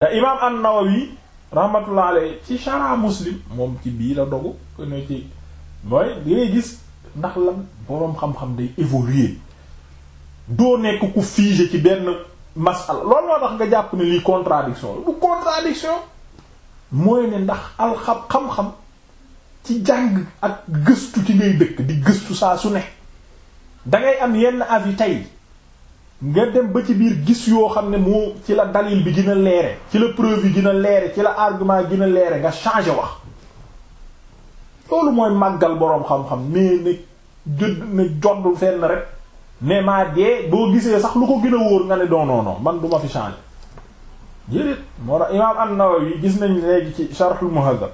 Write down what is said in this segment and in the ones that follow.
te imaam an-Nawawi rahmatullah alayhi ci shara muslim moom ci bii la dogu ko ne gis ndax lan boroom xam-xam day évoluer doo nekk ku figé ci benn masala loolu moo tax nga jàpp ne lii contradiction bu contradiction mooy ne ndax alxam xam-xam ci jàng ak gëstu ci ngay dëkk di gëstu saa su ne dangay am yenn avis tey nga dem ba ci biir gis yoo xam ne moo ci la dalil bi gën a leere ci la preuve yi gën a leere ci la argument yi gën a leere nga changer wax loolu mooy màggal boroom xam-xam mais ne jëdd ne joddul fenn rek mais maa dee boo gisee sax lu ko gën a wóor nga ne non man du fi changer jërét moo tax imaam an-Nawawi gis nañ léegi ci Sharhul Muhazzab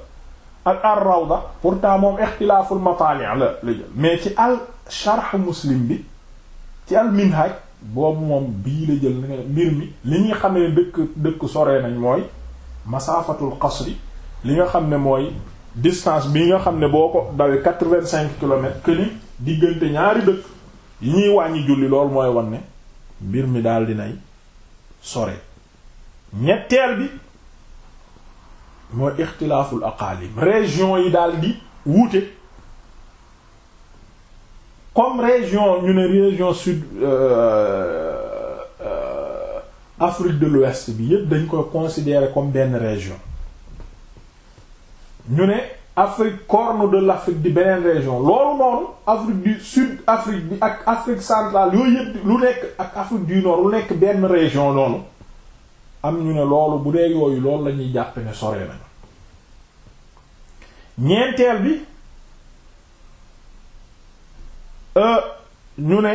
ak ar-Rawda pourtant moom ixtilaaful mataali' la la jël mais ci al sharh Muslim bi ci al Minhaj boobu moom bii la jël mbir mi li ñuy xamee dëkk dëkk soree nañ mooy masaafatul qasri li nga xam ne mooy distance bi nga xam ne boo ko dawee quatre-vingt-cinq kilomètres que ni diggante ñaari dëkk yi ñuy wàññi julli loolu mooy wan ne mbir mi daal dinay sore ñetteel bi mooy ixtilaaful aqaalim région yi daal gi wuute comme région ñu ne région sud euh, euh, Afrique de l'Ouest bi yépp dañ koy considérer comme benn région ñu ne Afrique corne de l'Afrique di beneen région loolu noonu Afrique du sud Afrique bi ak Afrique centrale yooyu yépp lu nekk ak Afrique du nord lu nekk benn région noonu am ñu ne loolu bu dee yooyu loolu lañuy ñuy jàpp ne sore nañu ñeenteel bi Euh, ñu ne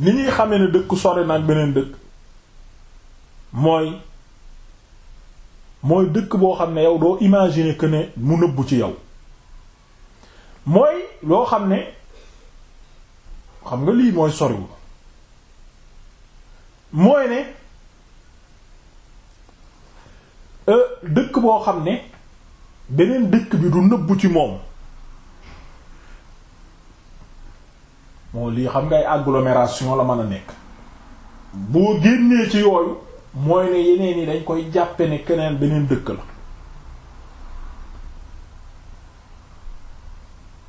ni ñuy xamee ne dëkk sori nag beneen dëkk mooy mooy dëkk boo xam ne yow doo imaginer que ne mu nëbbu ci yow mooy loo xam ne xam nga lii mooy soriwul mooy ne euh, dëkk boo xam ne beneen dëkk bi du nëbbu ci moom moo lii xam ngay agglomération la mën a nekk boo génnee ci yooyu mooy ne yeneen yi dañ koy jàppe ne keneen beneen dëkk la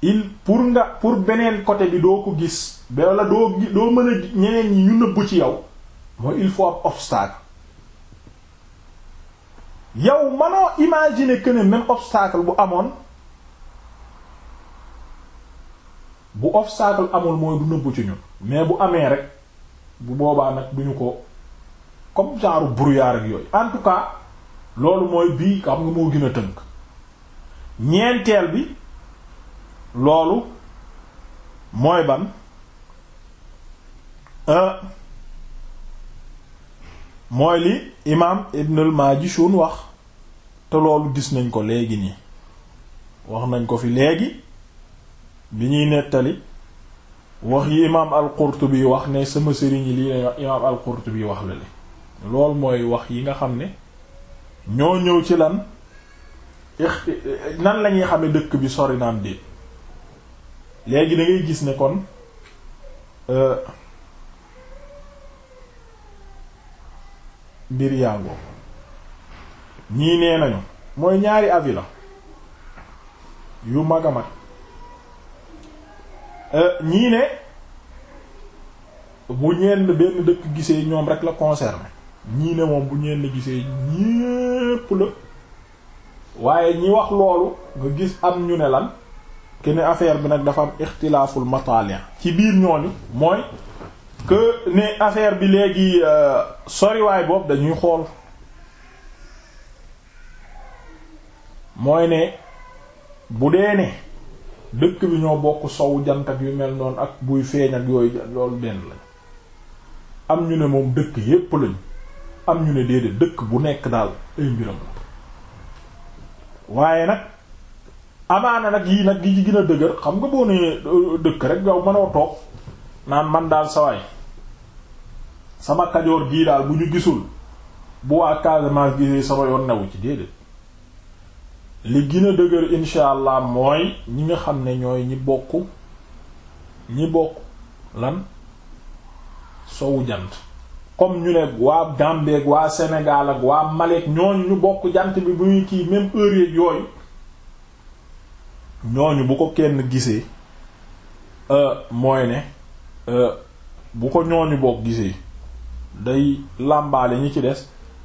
il pour nga pour beneen côté bi doo ko gis wala doo doo mën a ñeneen ñi ñu nëbbu ci yow mooy il faut ab obstacle yow manoo imaginer que ne même obstacle bu amoon bu obstacle amul mooy du nëbbu ci ñun mais bu amee rek bu boobaa nag duñu ko comme genre brouillard ak yooyu en tout cas loolu mooy bii xam nga moo gën a tënk ñeenteel bi loolu mooy ban euh, mooy li imaam ibnul Majishun wax te loolu gis nañ ko léegi nii wax nañ ko fi léegi bi ñuy nettali wax yi imaam al-Qurtubi wax ne sama sëriñ yi lii ne imaam al-Qurtubi wax la li lool mooy wax yi nga xam ne ñoo ñëw ci lan nan lañuy xame dëkk bi sori naam déet léegi da gis ne kon euh, mbir yàngoo ñii nee nañu mooy ñaari avis la yu mag a mag Euh, ñii ne bu ñenn benn dëkk gisee ñoom rek la concerné ñii ne moom bu ñenn gisee ñépp la waaye ñi wax loolu nga gis am ñu ne lan ke ne affaire bi nag dafa am ixtilaaful matalien ci biir ñooñu mooy que ne affaire bi léegi euh, soriwaay boobu dañuy xool mooy ne bu dee ne dëkk bi ñoo bokk sow jant ak yu mel noonu ak buy feeñ ak yooyu loolu benn lañ am ñu ne moom dëkk yépp lañ am ñu ne déedéet dëkk bu nekk daal ay mbiram waaye nag amaana nag yii nag gi ci gën a dëgër xam nga boo nee euh, dëkk rek yow mënoo toog naan man daal sawaay sama kajoor gii daal bu ñu gisul bu waa Casamance gisee sama yoon newu ci déedéet li gën a dëgër incha allah mooy ñi nga xam ne ñooy ñi bokk ñi bokk lan sowu jant comme ñu ne waa Gambie waa Sénégal ak waa Mali ak ñooñu ñu bokk jant bi bu ñuy kii même heure yeeg yooyu ñooñu bu ko kenn gisee euh, mooy ne euh, bu ko ñooñu bokk gisee day làmbaale ñi ci des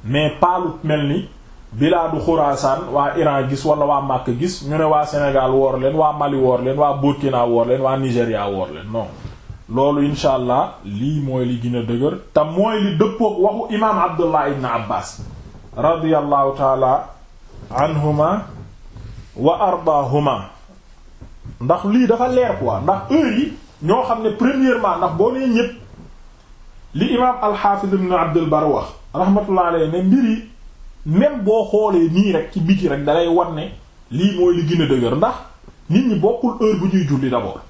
mais pas mel ni. bilaadu xuraasaan waa Iran gis wala waa Màkk gis ñu ne waa Sénégal woor leen waa Mali woor leen waa Burkina woor leen waa Nigéria woor leen non loolu insha lii mooy li gën a dëgër te mooy li dëppook waxu imaam Abdullah ibn Abbas radiyallahu taala anhuma wa ardaahuma ndax lii dafa leer quoi ndax heure yi ñoo xam ne premièrement ndax boo nee ñépp li imaam al-Hafiz Abdul Bar wax ne mbir même boo xoolee nii rek ci biti rek dalay wan ne lii mooy li gën a dëgër ndax nit ñi bokkul heure bu ñuy julli d'abord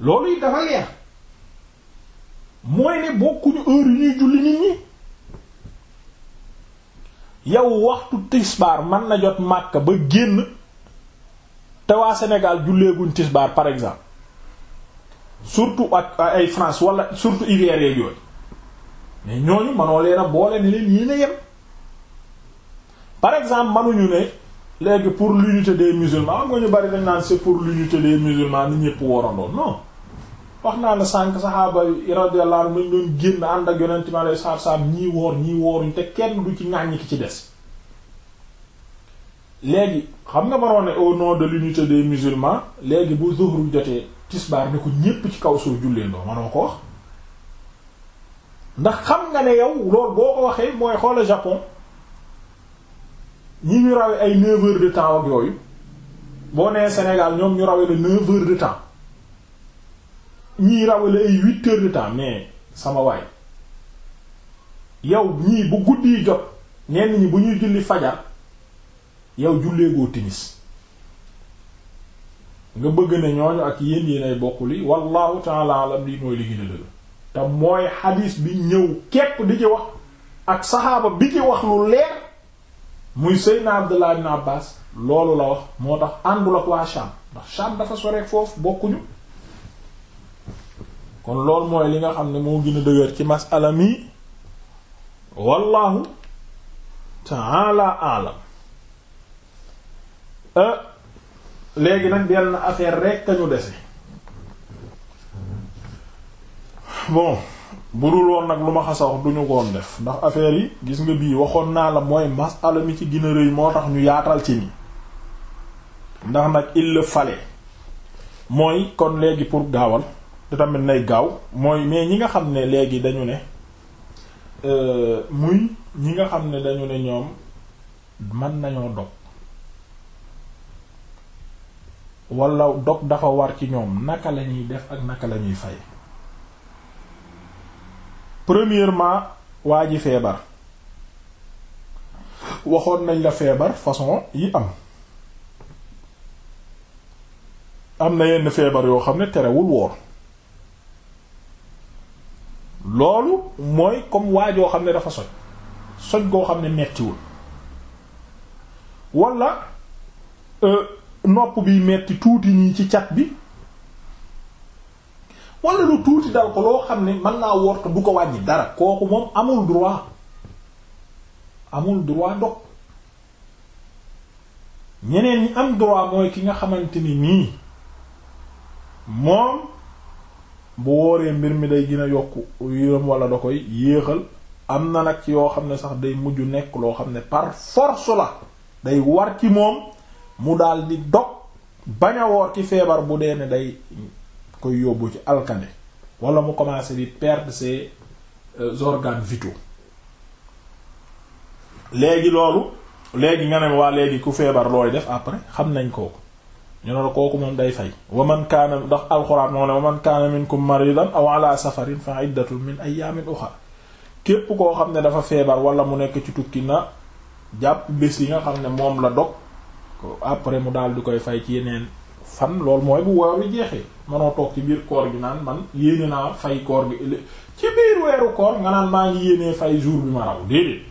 loolu it dafa leer mooy ne bokkuñu heure yu ñuy julli nit ñi yow waxtu tisbaar man na jot Makka ba génn te waa Sénégal julleeguñ tisbaar par exemple surtout ak ay France wala surtout hiver yeeg mais ñooñu manoo leen a boole ne leen yéen a yem par exemple manuñu ne léegi pour l'unité des musulmans am nga ñu bari dañ naan c'est pour l'unité des musulmans ni ñëpp warandoon non wax naa la sànq saxaaba radiyallahu anhum ñu doon génn ànd ak yonent mi alayhi salaatu salaam ñii woor ñii wooruñ te kenn du ci ñàññi ki ci des léegi xam nga mënoon ne au no de l'unité des musulmans léegi bu zuhru jotee tisbaar ne ko ñépp ci kaw suuf jullee ndoo manoo ko wax ndax xam nga ne yow loolu boo ko waxee mooy xoola Japon ñi ñu rawe ay neuf heures de temps ak yooyu boo nee senegal ñoom ñu rawe la neuf heures de temps ñii rawe la ay huit heures de temps mais sama waay yow ñii bu guddi jot ñenn ñi bu ñuy julli fajar yow julleegoo timis nga bëgg ne ñooñu ak yéen yéenay bokkuli wallahu ta'ala alam lii mooy li gën a te mooy xadiis bi ñëw képp di ci wax ak saxaaba bi ci wax lu leer muy Seydina Abdullah ibn Abbas loolu la wax moo tax àndul ak waa Sham ndax Sham dafa sore foofu bokkuñu kon loolu mooy li nga xam ne moo gën a dëgër ci masala mi wallahu ta'ala a'lam euh, léegi nag benn affaire rekk ka ñu dese bon bu dul woon nag lu ma xasa wax duñu koon def ndax affaire yi gis nga bii waxoon naa la mooy masala mi ci gën rëy moo tax ñu yaatal ci ni ndax nag il fale mooy kon léegi pour gaawal te tamit nay gaaw mooy mais ñi nga xam ne léegi dañu ne euh, muy ñi nga xam ne dañu ne ñoom man nañoo dog walla dog dafa war ci ñoom naka la ñuy def ak naka la ñuy fay premièrement waa ji feebar waxoon nañ la feebar façon yi am am na yenn feebar yoo xam ne terewul woor loolu mooy comme waajoo xam ne dafa soj soj goo xam ne mettiwul walla euh, nopp bi metti tuuti nii ci cat bi wala lu tuuti dal ko loo xam ne mën naa wor te du ko wàññi dara kooku moom amul droit amul droit dog ñeneen ñi am droit mooy ki nga xamante ni nii moom bu wooree mbir mi day gën a yokku yërëm wala da koy yéexal am na nag ci yoo xam ne sax day mujj nekk loo xam ne par force la day war ci moom mu daal di dog bañ a woor ci feebar bu dee ne day koy yóbbu ci alkane wala mu commencé di perdre ses euh, organes vitaux léegi loolu léegi nga ne waa léegi ku feebar looy def après xam nañ kooku ñu kooku moom day fay wa man kaana ndax alxuraan moo ne wa man kaana minkum maridan aw ala safarin fa iddatun min ayyamin ukhra képp koo xam ne dafa feebar wala mu nekk ci tukki na jàpp bés yi nga xam ne moom la dog après mu daal di koy fay ci yeneen fan loolu mooy bu woor wi jeexee manoo toog ci biir koor gi naan man yéene naa fay koor gi ci biir weeru koor nga naan maa ngi yéenee fay jour bi ma raw déedéet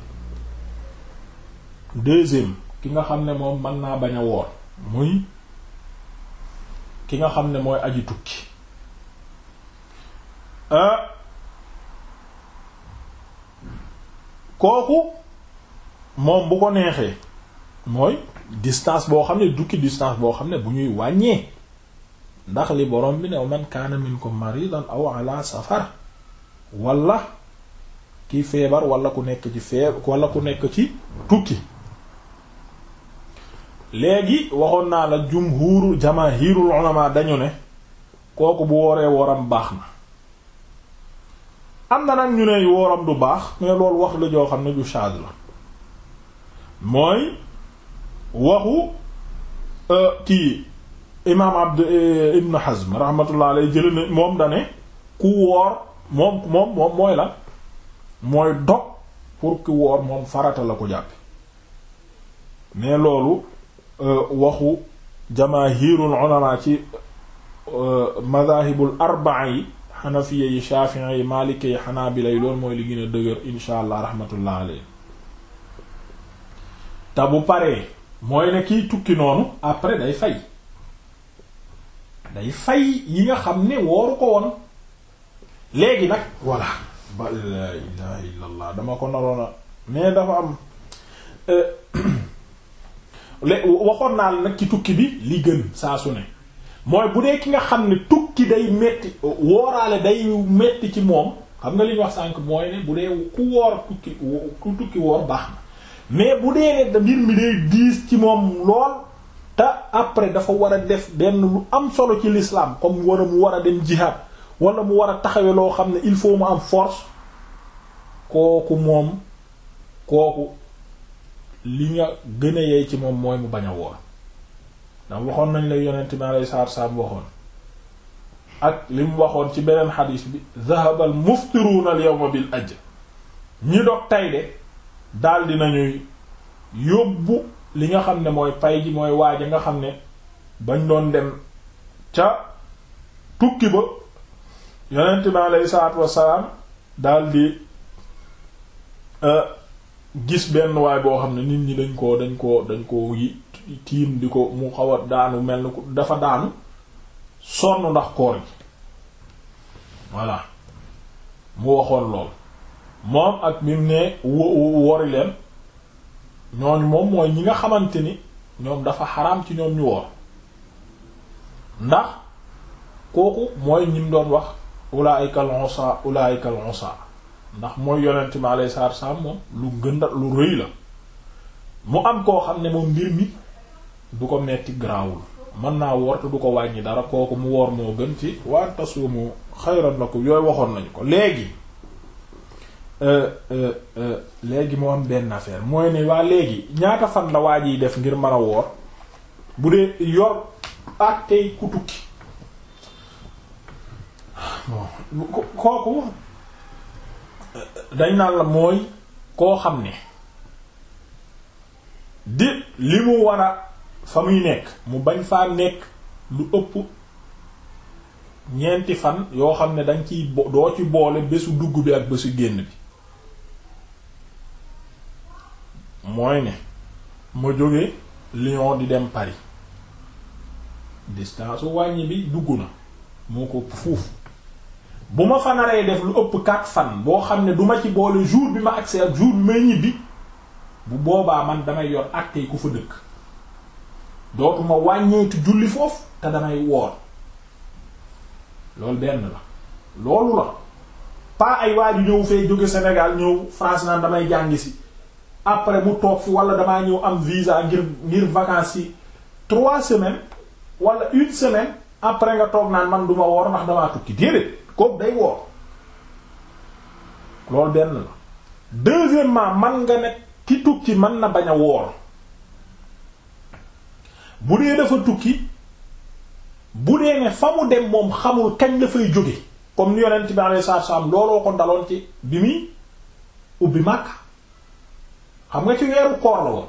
deuxième ki nga xam ne moom mën naa bañ a woor muy ki nga xam ne mooy aji tukki euh, kooku moom bu ko neexee mooy distance boo xam ne dukki distance boo xam ne bu ñuy wàññee ndax li borom bi ne man kaana minkum maridan aw ala safar wala ki feebar walla ku nekk ci feebar walla ku nekk ci tukki léegi waxoon naa la jumhuru jamaahirul ulama dañu ne kooku bu wooree woram baax na am na nag ñu ne woram du baax mais loolu wax lu joo xam ne ju shaad la mooy waxu euh, kii imaam Abd euh, Ibn Hazm rahmatullah alayhi jël moom dane ku woor moom moom moom mooy la mooy dog pour ku woor moom farata la ko jàppe mais loolu euh, waxu jamaahirul ulama ci madahibul arbaa yi xanafiya yi shafiya yi malike yi xanaabila yi loolu mooy li gën a dëgër insha allah rahmatullah te bu paree mooy ne kiy tukki noonu après day fay day fay yi nga xam ne wooru ko woon léegi nag voilà ba la ilaha illallah dama ko naroon mais dafa am euh, waxoon naa la nag ci tukki bi li gën saa su ne mooy bu dee ki nga xam ne tukki day metti wooraale day metti ci moom xam nga li wax sànk mooy ne bu dee ku woor tukki ku tukki woor baax na mais bu dee ne mbir mi day diis ci moom lool te après dafa war a def benn lu am solo ci lislaam comme war a mu war a dem jihad wala mu war a taxawe loo xam ne il faut mu am force kooku moom kooku li nga gën a yey ci moom mooy mu bañ a woor ndax waxoon nañ la yonent mi alayhi salaatu salaam waxoon ak li waxoon ci beneen xadiis bi zahabal muftiruuna al yawma bil ajr ñi dog tay de daal dinañuy yóbbu li nga xam ne mooy pay ji mooy waaja nga xam ne bañ doon dem ca tukki ba yonent mi aleyhi salaatu wassalaam daal e, gis benn waay boo xam ne nit ñi dañ ko dañ ko dañ ko tiim di ko mu xaw a daanu mel ni dafa daanu sonn ndax koor gi voilà mu waxoon lool moom ak mim ne wori ñoo ñooñu moom mooy ñi nga xamante ni ñoom dafa xaram ci ñoom ñu woor ndax kooku mooy ñim doon wax ulaayika al-usa ulaayika ndax mooy yonent mi alayhi salaatu salaam lu gën lu rëy la mu am koo xam ne moom mbir mi du ko metti garaawul mën naa woor te du ko wàññi dara kooku mu woor moo gën ci wa tasuumu na ko yooyu waxoon nañu ko léegi Euh, euh, euh, léegi moo am benn affaire mooy ne waa léegi ñaata fan la waa jiy def ngir man a woor bu dee yor ak ku tukki kooku dañ naan la mooy koo xam ne di li mu war a fa muy nekk mu bañ faa nekk lu ëpp ñeenti fan yoo xam ne dañ ciy doo ci boole bésu dugg bi ak bésu génn bi mooy ne ma jóge Lyon di dem Paris distance wàññi bi dugg na moo ko fuuf bu ma fa naree def lu ëpp quatre fan boo xam ne duma ci boole jour bi ma agsi ak jour bi may ñibbi bu boobaa man damay yor acte yi ku fa dëkk dootuma wàññeetu julli foofu te damay woor lool benn la loolu la pas ay waa ji ñëw fee jóge Sénégal ñëw France naan damay jàngi si après mu toog fi wala damaa ñëw am visa ngir ngir vacances yi trois semaine wala une semaine après nga toog naan man du ma woor ndax damaa tukki déedéet kooku day woor loolu benn la deuxièmement man nga ne ki tukki man na bañ a woor bu dee dafa tukki bu dee ne fa mu dem moom xamul kañ la fay jóge comme ni yonent bi alayhi salaatu wa looloo ko daloon ci bi muy ubbi Makka xam nga ci weeru koor la woon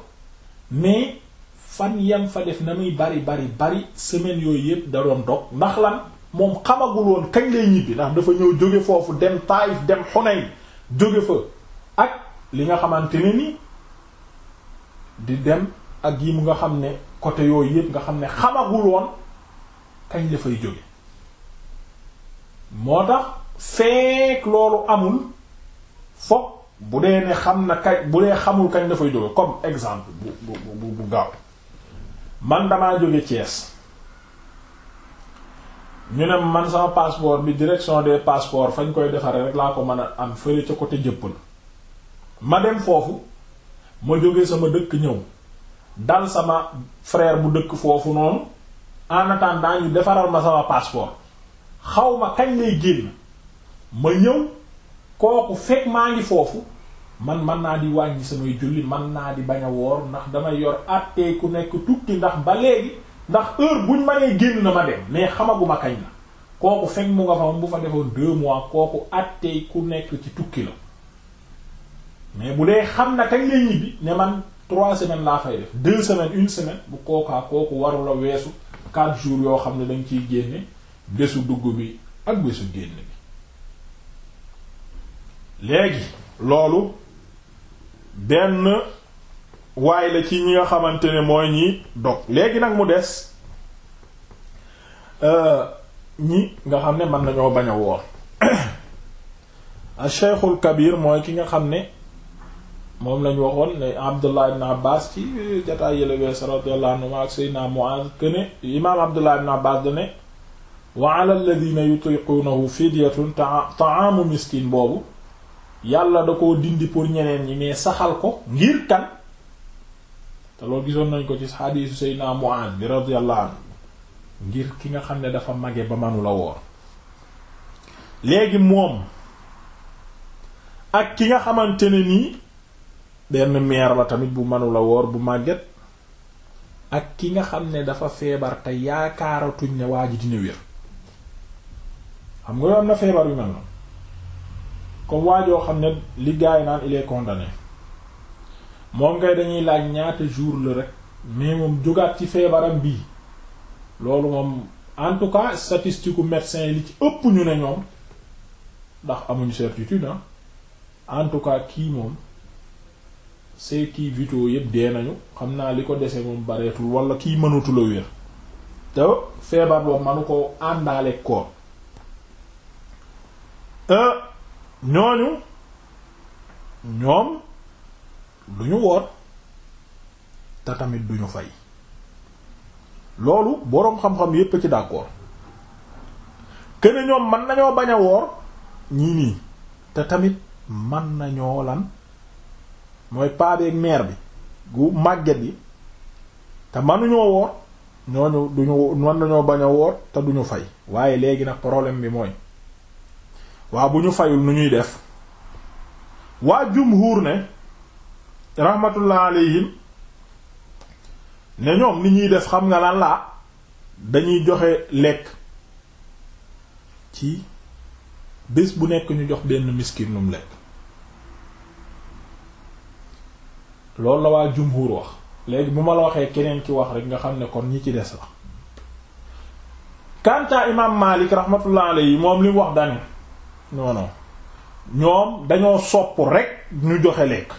mais fan yam fa def na muy bari bari bari semaine yooyu yëpp da doon dog ndax lan moom xamagul woon kañ lay ñibbi ndax dafa ñëw jóge foofu dem Taïf dem Hunayn jóge fa ak li nga xamante ne ni di dem ak yi mu nga xam ne côté yooyu yëpp nga xam ne xamagul woon kañ la fay jóge moo tax feek loolu amul fokk bu dee ne xam na kañ bu dee xamul kañ dafay jóge comme exemple bu bu bu gaaw man damaa jóge Thiès ñu ne man sama passeport bi direction des passeports fañ koy defaree rek laa ko mën a am fële ca côté jëppal ma dem foofu ma jóge sama dëkk ñëw dal sama frère bu dëkk foofu noonu en attendant ñu defaral ma sama passeport xaw ma kañ lay génn ma ñëw. kooku fekk maa ngi foofu man man naa di wàññi samay julli man naa di bañ a woor ndax damay yor àttee ku nekk tukki ndax ba léegi ndax heure buñ ma nee génn na ma dem mais xamaguma kañ la kooku fekk mu nga fa bu fa defoon deux mois kooku àttee ku nekk ci tukki la mais bu dee xam na kañ lay ñibbi ne man trois semaines laa fay def deux semaines une semaine bu kookaa kooku warula weesu quatre jours yoo xam ne dañ ciy génne bésu dugg bi ak bésu génn léegi loolu benn waaye la ci ñi nga xamante ne mooy ñi dog léegi nag mu des euh, ñi nga xam ne man nañoo bañ a woor a cheikhul kabir mooy ki nga xam ne moom lañ waxoon ne abdullah ibn abbas ci jataay yële wees radiyallahu anhuma ak sayyidina muaz këne imaam abdullah ibn abbas dane wa ala alladhina yutiqunahu fidyatun ta'amu miskin boobu yàlla da ko dindi pour ñeneen ñi mais saxal ko ngir kan te loo gisoon nañ ko ci xadiisu mu Mu'aaz bi radiyallahu anhu ngir ki nga xam ne dafa mage ba la woor léegi moom ak ki nga xamante ne nii benn meer la bu manula woor bu màgget ak ki nga xam ne dafa feebar te yaakaaratuñ ne waa ji dina wér xam nga yoon na feebar yu mel noonu comme waa joo xam ne li gaay naan il est condamné moom ngay dañuy laaj ñaata jour la rek mais moom jógaat ci feebaram bii loolu moom en tout cas statistique u médecin li ci ëpp ñu ne ñoom ndax amuñu certitude ah en tout cas kii moom c'est kii vitaux yëpp dee nañu xam naa li ko dese moom bareetul wala kii mënatula wér te feebar boobu manu ko àndaale koor euh, ñooñu ñoom duñu woor te tamit duñu fay loolu boroom xam-xam yépp ci d'accord kene ñoom mën nañoo bañ a woor ñii nii te tamit mën nañoo lan mooy paabeeg meer bi gu màgget yi te mënuñoo woor ñooñu duñu mën nañoo bañ a woor te duñu fay waaye léegi nag problème bi mooy waa bu ñu fayul nu ñuy def waa jumhuur ne rahmatullah alayhim ne ñoom ni ñuy def xam nga lan laa dañuy joxe lekk ci bés bu nekk ñu jox benn miskin num lekk loolu la waa jumhuur wax léegi bu ma la waxee keneen ki wax rek nga xam ne kon ñi ci des la kanta imam Malik rahmatullah alayhi moom li wax dani non ñoom dañoo sopp rek ñu joxe lekk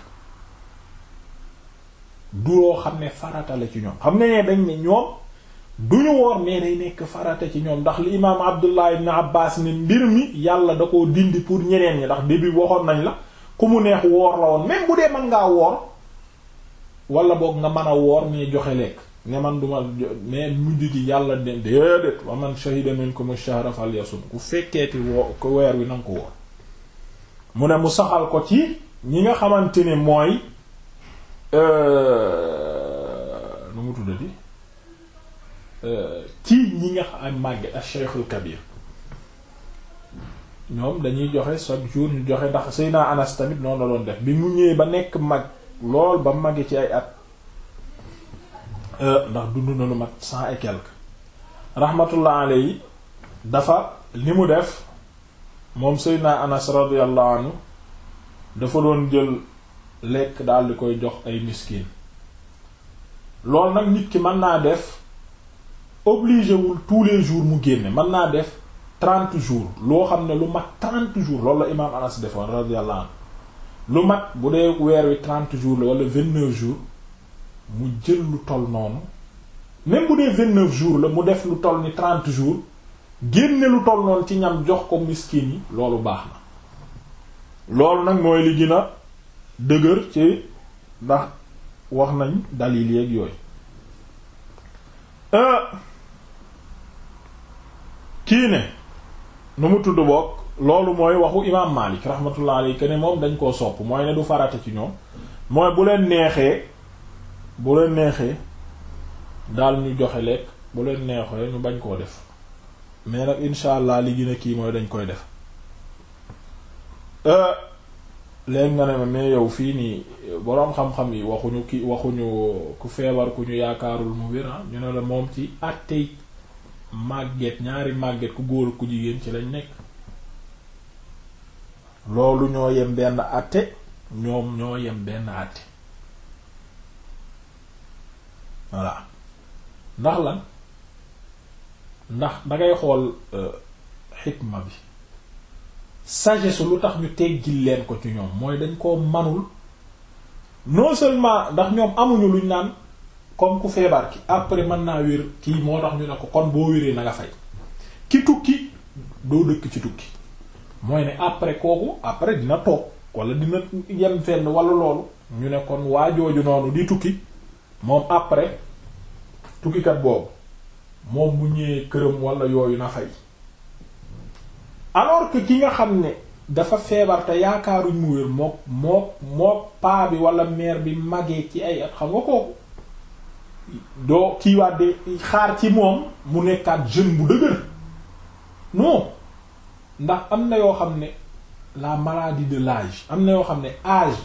du loo xam ne farata la ci ñoom xam nga ne dañ ne ñoom du ñu woor mais day nekk farata ci ñoom ndax li imaam Abdullah ibn Abbas ni mbir mi yàlla da ko dindi pour ñeneen ñi ndax bi waxoon nañ la ku mu neex woor la woon même bu dee man ngaa woor wala boog nga mën a woor mais joxe lekk ne man duma mais mujj gi yàlla den déedéet wa man shahida minkum ash-shahra falyasum ku fekkeeti woo ko weer wi nanga ko woor mu ne mu saxal ko ci ñi nga xamante ne mooy euh, nu mu tuddati euh, ci ñi nga xam màgge ash-shaykhul kabir ñoom dañuy joxe chaque jour ñu joxe ndax Seydina Anas tamit noonu la doon def bi mu ñëwee ba nekk mag lool ba màgge ci ay at Euh, ndax dund na lu mat cent et quelque rahmatullah alayhi dafa li mu def moom seydna anas radiyallahu anhu dafa doon jël lekk daal di koy jox ay miskin loolu nag nit ki mën naa def obligé wul tous les jours mu génne mën naa def trente jours loo xam ne lu mat trente jours loolu la imaam anas defoon radiyallahu anhu lu mat bu dee weer wi trente jours la wala vingt-neuf jours mu jël lu toll noonu même bu dee vingt jours la mu def lu toll ni trente jour génne lu toll noonu ci ñam jox ko miskin yi loolu baax na loolu nag mooy li gën dëgër ci ndax wax nañ dalil yeeg yooyu euh, kii ne nu mu tudd bokk loolu mooy waxu imaam Maalik rahmatullah yi ne moom dañ koo sopp mooy ne du farata ci ñoom mooy bu leen neexee bu leen neexee daal ñu joxe lekk bu leen neexee ñu bañ koo def mais nag incha allah li gën kii mooy dañ koy def euh, léegi nga ne ma mais yow fii nii boroom xam-xam yi waxuñu ki waxuñu ku feebar ku ñu yaakaarul mu wér ah? ñu ne la moom ci àttey màgget ñaari màgget ku góor ku jigéen ci lañ nekk loolu ñoo yem benn àtte ñoom ñoo yem benn àtte voilà ndax lan ndax dangay xool euh, xikma bi sagesse lu tax ñu teggil leen ko ci ñoom mooy dañ koo manul non seulement ndax ñoom amuñu luñ naan comme ku feebar ki après mën naa wiir kii moo tax ñu ne ko kon boo wéree nanga nga fay ki tukki doo dëkk ci tukki mooy ne après kooku après dina toog wala dina yem fenn wala loolu ñu ne kon waa jooju noonu di tukki moom après tukkikat boobu moom bu ñëwee këram wala yooyu na fay alors ki nga xam ne dafa feebar te yaakaaruñ mu wér mook mook mook paa bi wala mère bi màggee ci ay at xam nga kooku doo kiiwaat de xaar ci moom mu nekkaat jeune bu dëgër non ndax am na yoo xam ne la maladie de l'âge am na yoo xam ne âge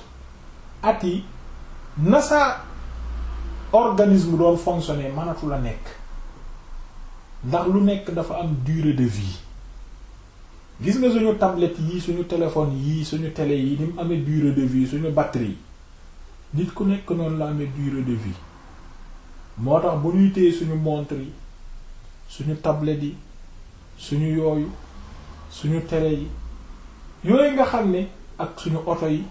at yi organisme doon fonctionner mënatu la nekk ndax lu nekk dafa am dure de vie gis nga suñu tablette yi suñu téléphone yi suñu tele yi ni mu amee durée de vie suñu batterie nit ku nekk noonu la amee durée de vie moo tax bu ñuy téye suñu montre yi suñu tablette yi suñu yooyu suñu tele yi yooyu nga xam ne ak suñu oto yi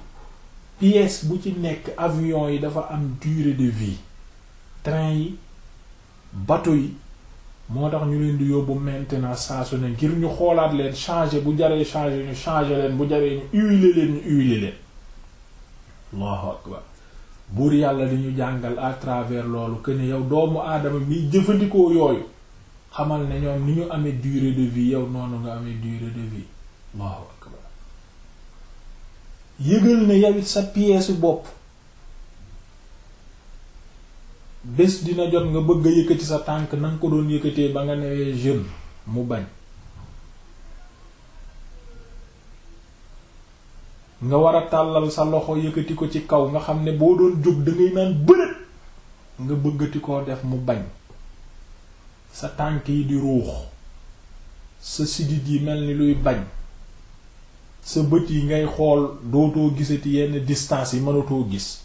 pièce bu ci nekk avion yi dafa am durée de vie train yi bateau yi moo tax ñu leen di yóbbu maintenant saa su ne ngir ñu xoolaat leen changer bu jaree changer ñu changer leen bu jaree ñu huiler leen ñu huiler leen allahu akbar buur yàlla di ñu jàngal à travers loolu que ne yow doomu aadama mi jëfandikoo yooyu xamal na ñoom ni ñu amee durée de vie yow noonu nga amee durée de vie allahu akbar yëgal ne yow sa pièce bopp bés dina jot nga bëgg a yëkkati sa tànk na ko doon yëkkatee ba nga newee jeune mu bañ nga war a tàllal sa loxo yëkkati ko ci kaw nga xam ne boo doon jóg da ngay naan bërët nga bëggati koo def mu bañ sa tànk yi di ruux sa sidit yi mel ni luy bañ sa bët yi ngay xool dootoo gisati yenn distance yi mënatoo gis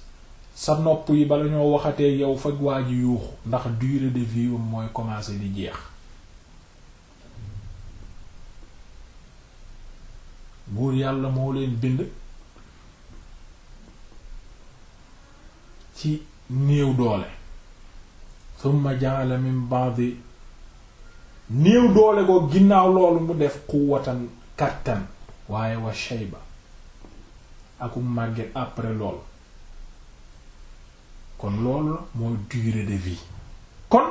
sa nopp yi bala ñoo waxatee yow faj waa ji yuuxu ndax durée de vie mooy commencer di jeex buur yàlla moo leen bind ci néew doole summa ja'ala min ba'di néew doole ko ginnaaw loolu mu def quwwatan kattan waaye wa shayba akum màgget après lool kon loolu la mooy durée de vie kon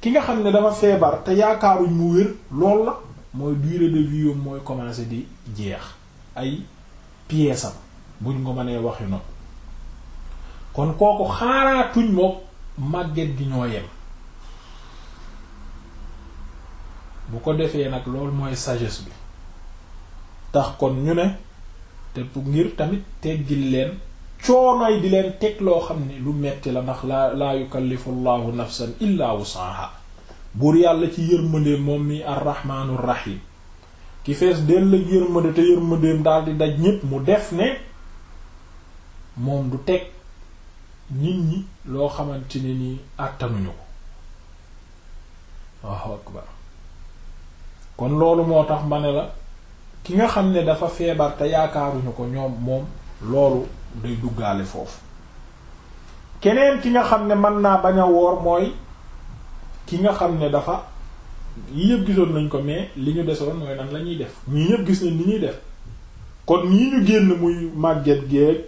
ki nga xam ne dafa feebar te yaakaaruñ mu wér loolu la mooy durée de vie yom mooy commencer di jeex ay pièces am buñ ko mënee waxi noonu kon kooku xaaraatuñ mook màgget gi ñoo yem bu ko defee nag loolu mooy sagesse bi tax kon ñu ne te ngir tamit teggil leen coonoy di leen teg loo xam ne lu metti la ndax laa laa yukallifu allahu nafsan illa wusaha buur yàlla ci yërmandéem moom mi arrahmaanu rahim ki fees dell ak yërmande te yërmandéem daal di daj ñépp mu def ne moom du teg nit ñi loo xamante ne ni àttanuñu ko waaw akbar kon loolu moo tax ma ne la ki nga xam ne dafa feebar te yaakaaruñu ko ñoom moom loolu day duggaale foofu keneen ki nga xam ne mën naa bañ a woor mooy ki nga xam ne dafa yi yëpp gisoon nañ ko mais li ñu desoon mooy nan la def ñii ñëpp gis ni ni ñuy def kon ñii ñu génn muy màgget geeg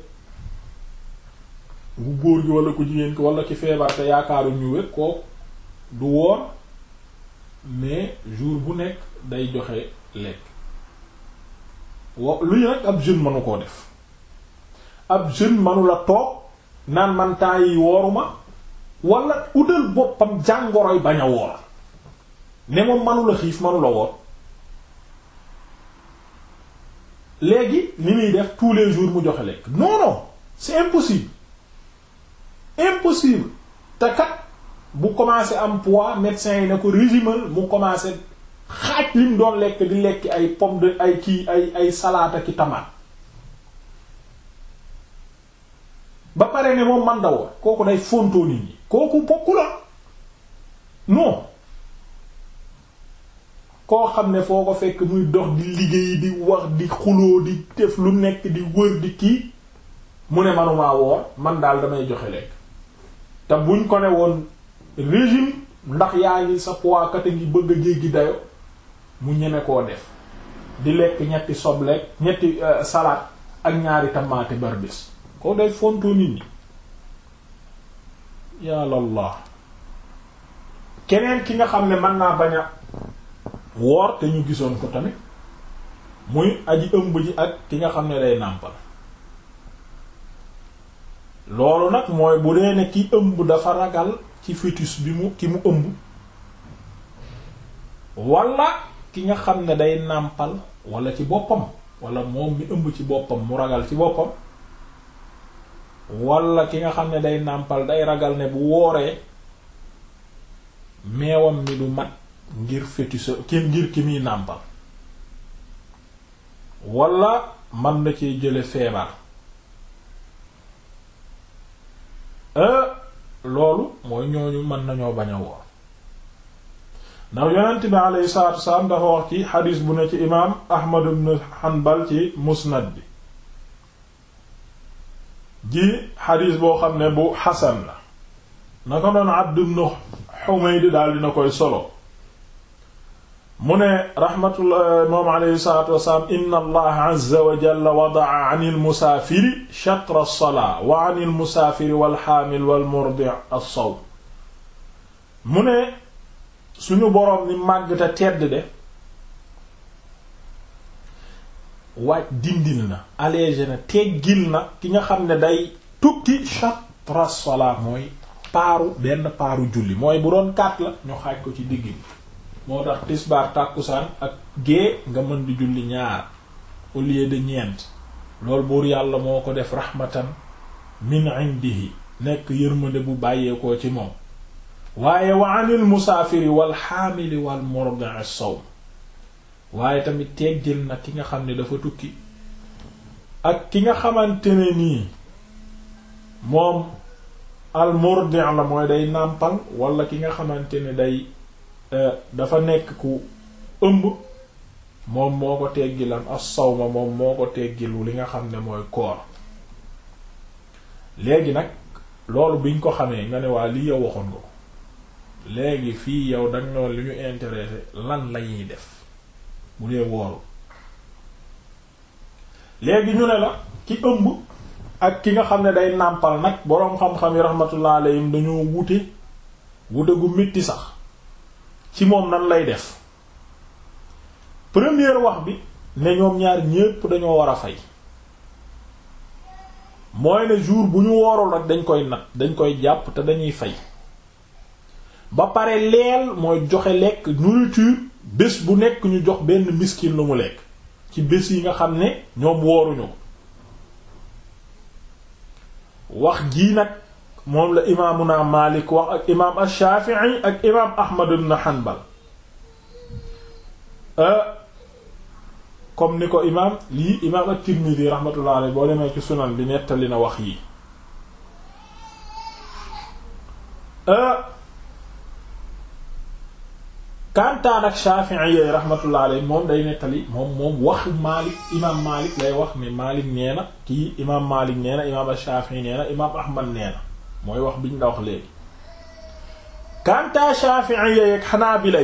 gu góor gi wala ku jigéen ki wala ki feebar te yaakaaru ñu wér ko du woor mais jour bu nekk day joxe lekk wo lu ñu nag ab jeune mënu koo def ab jeune manula toog naan man temps yi wooruma wala utal boppam jàngoroy bañ a woor ne moom manula xiif manula woor léegi ni muy def tous les jours mu joxe lekk non non c'est impossible impossible te kat bu commencé am poids médecin yi ne ko régimal mu commencé xaaj lim doon lekk di lekk ay pomme de ay kii ay ay salade ak ba pare ne moom man da kooku day fontoo nit ñi kooku bokku la non koo xam ne foo ko fekk muy dox di liggéey di wax di xuloo di def lu nekk di wër di kii mu ne manumaa woor man daal damay joxe lekk te buñ ko ne woon régime ndax yaa ngi sa poids kat a ngi bëgg a gi dayo mu ñeme koo def di lekk ñetti soble ñetti euh, salade ak ñaari tamaate barbis ko day fontoo nit ñi yàllallah keneen ki nga xam ne mën naa baña a woor te ñu gisoon ko tamit muy aji ëmb ji ak ki nga xam ne day nàmpal loolu nag mooy bu dee ne ki ëmb dafa ragal ci fitis bi mu ki mu ëmb wala ki nga xam ne day nàmpal walla ci boppam walla moom mi ëmb ci boppam mu ragal ci boppam wala ki nga xam ne day nàmpal day ragal ne bu wooree meewam mi du mat ngir fétiche ki ngir ki muy nàmpal wala man na ci jële feebar e, loolu mooy ñooñu mën nañoo bañ a woor ndax yonent bi aleyhi salatu wasalaam wax ci xadiis bu ne ci imaam ahmad ibn hanbal ci musnad bi ji xadiis boo xam ne bu xasan la naka doon Abd ibn Humayd daal dina koy solo mu ne raxmatullah moom aleyhi salaatu wasalaam inna allaha azza wa jalla wadaa an almusaafiri shatra alsalaa wa an almusaafiri walxaamil walmurdi alsawm mu ne suñu boroom ni màgg te tedd de waaj dindil na allégé na teggil na ki nga xam ne day tukki chatra sola mooy paaru benn paaru julli mooy bu doon kat la ñu xaaj ko ci digg moo tax tisbaar tàkkusaan ak gée nga mën di julli ñaar au de ñeent loolu buur yàlla moo ko def rahmatan min indihi nekk yërmande bu bàyyeekoo ci moom waaye wa anil musaafiri wal xaamili wal morgan sow waaye tamit teggil nag ki nga xam ne dafa tukki ak ki nga xamante ne nii moom almurdi la mooy day nàmpal wala ki nga xamante ne day euh, dafa nekk ku ëmb moom moo ko teggilan as ma moom moo ko teggilu li nga xam ne mooy koor léegi nag loolu biñ ko xamee nga ne waa lii yow waxoon ko léegi fii yow dañ noonu li ñu intéressé lan lañuy def bu dee wooru léegi ñu ne la ki ëmb ak ki nga xam ne day nàmpal nag boroom xam-xam yi rahmatullah alayhim dañoo wute wute gu metti sax ci moom nan lay def première wax bi ne ñoom ñaar ñépp dañoo war a fay mooy ne jour bu ñu woorul nag dañ koy nat dañ koy jàpp te dañuy fay ba pare leel mooy joxe lekk nourriture bés bu nekk ñu jox benn miskin lu mu lekk ci bés yi nga xam ne ñoom wooruñu ko wax jii nag moom la imaamuna Maalik wax ak imaam Ash-Shafi'i ak imaam Ahmad ibn Hanbal euh, comme ni ko imaam lii imaam at-Tirmidhi rahmatullah alayhi boo demee ci sunan bi nettali na wax yi euh, kantaan ak Shafi'i yooyu rahmatullah moom day nettali moom moom wax Malik imam Malik lay wax ne Malik nee na kii imam Malik nee na imam Shafi'i nee na imam Ahmad nee na mooy wax biñ la wax léegi kantaa Shafi'i yooyu ak Hanabila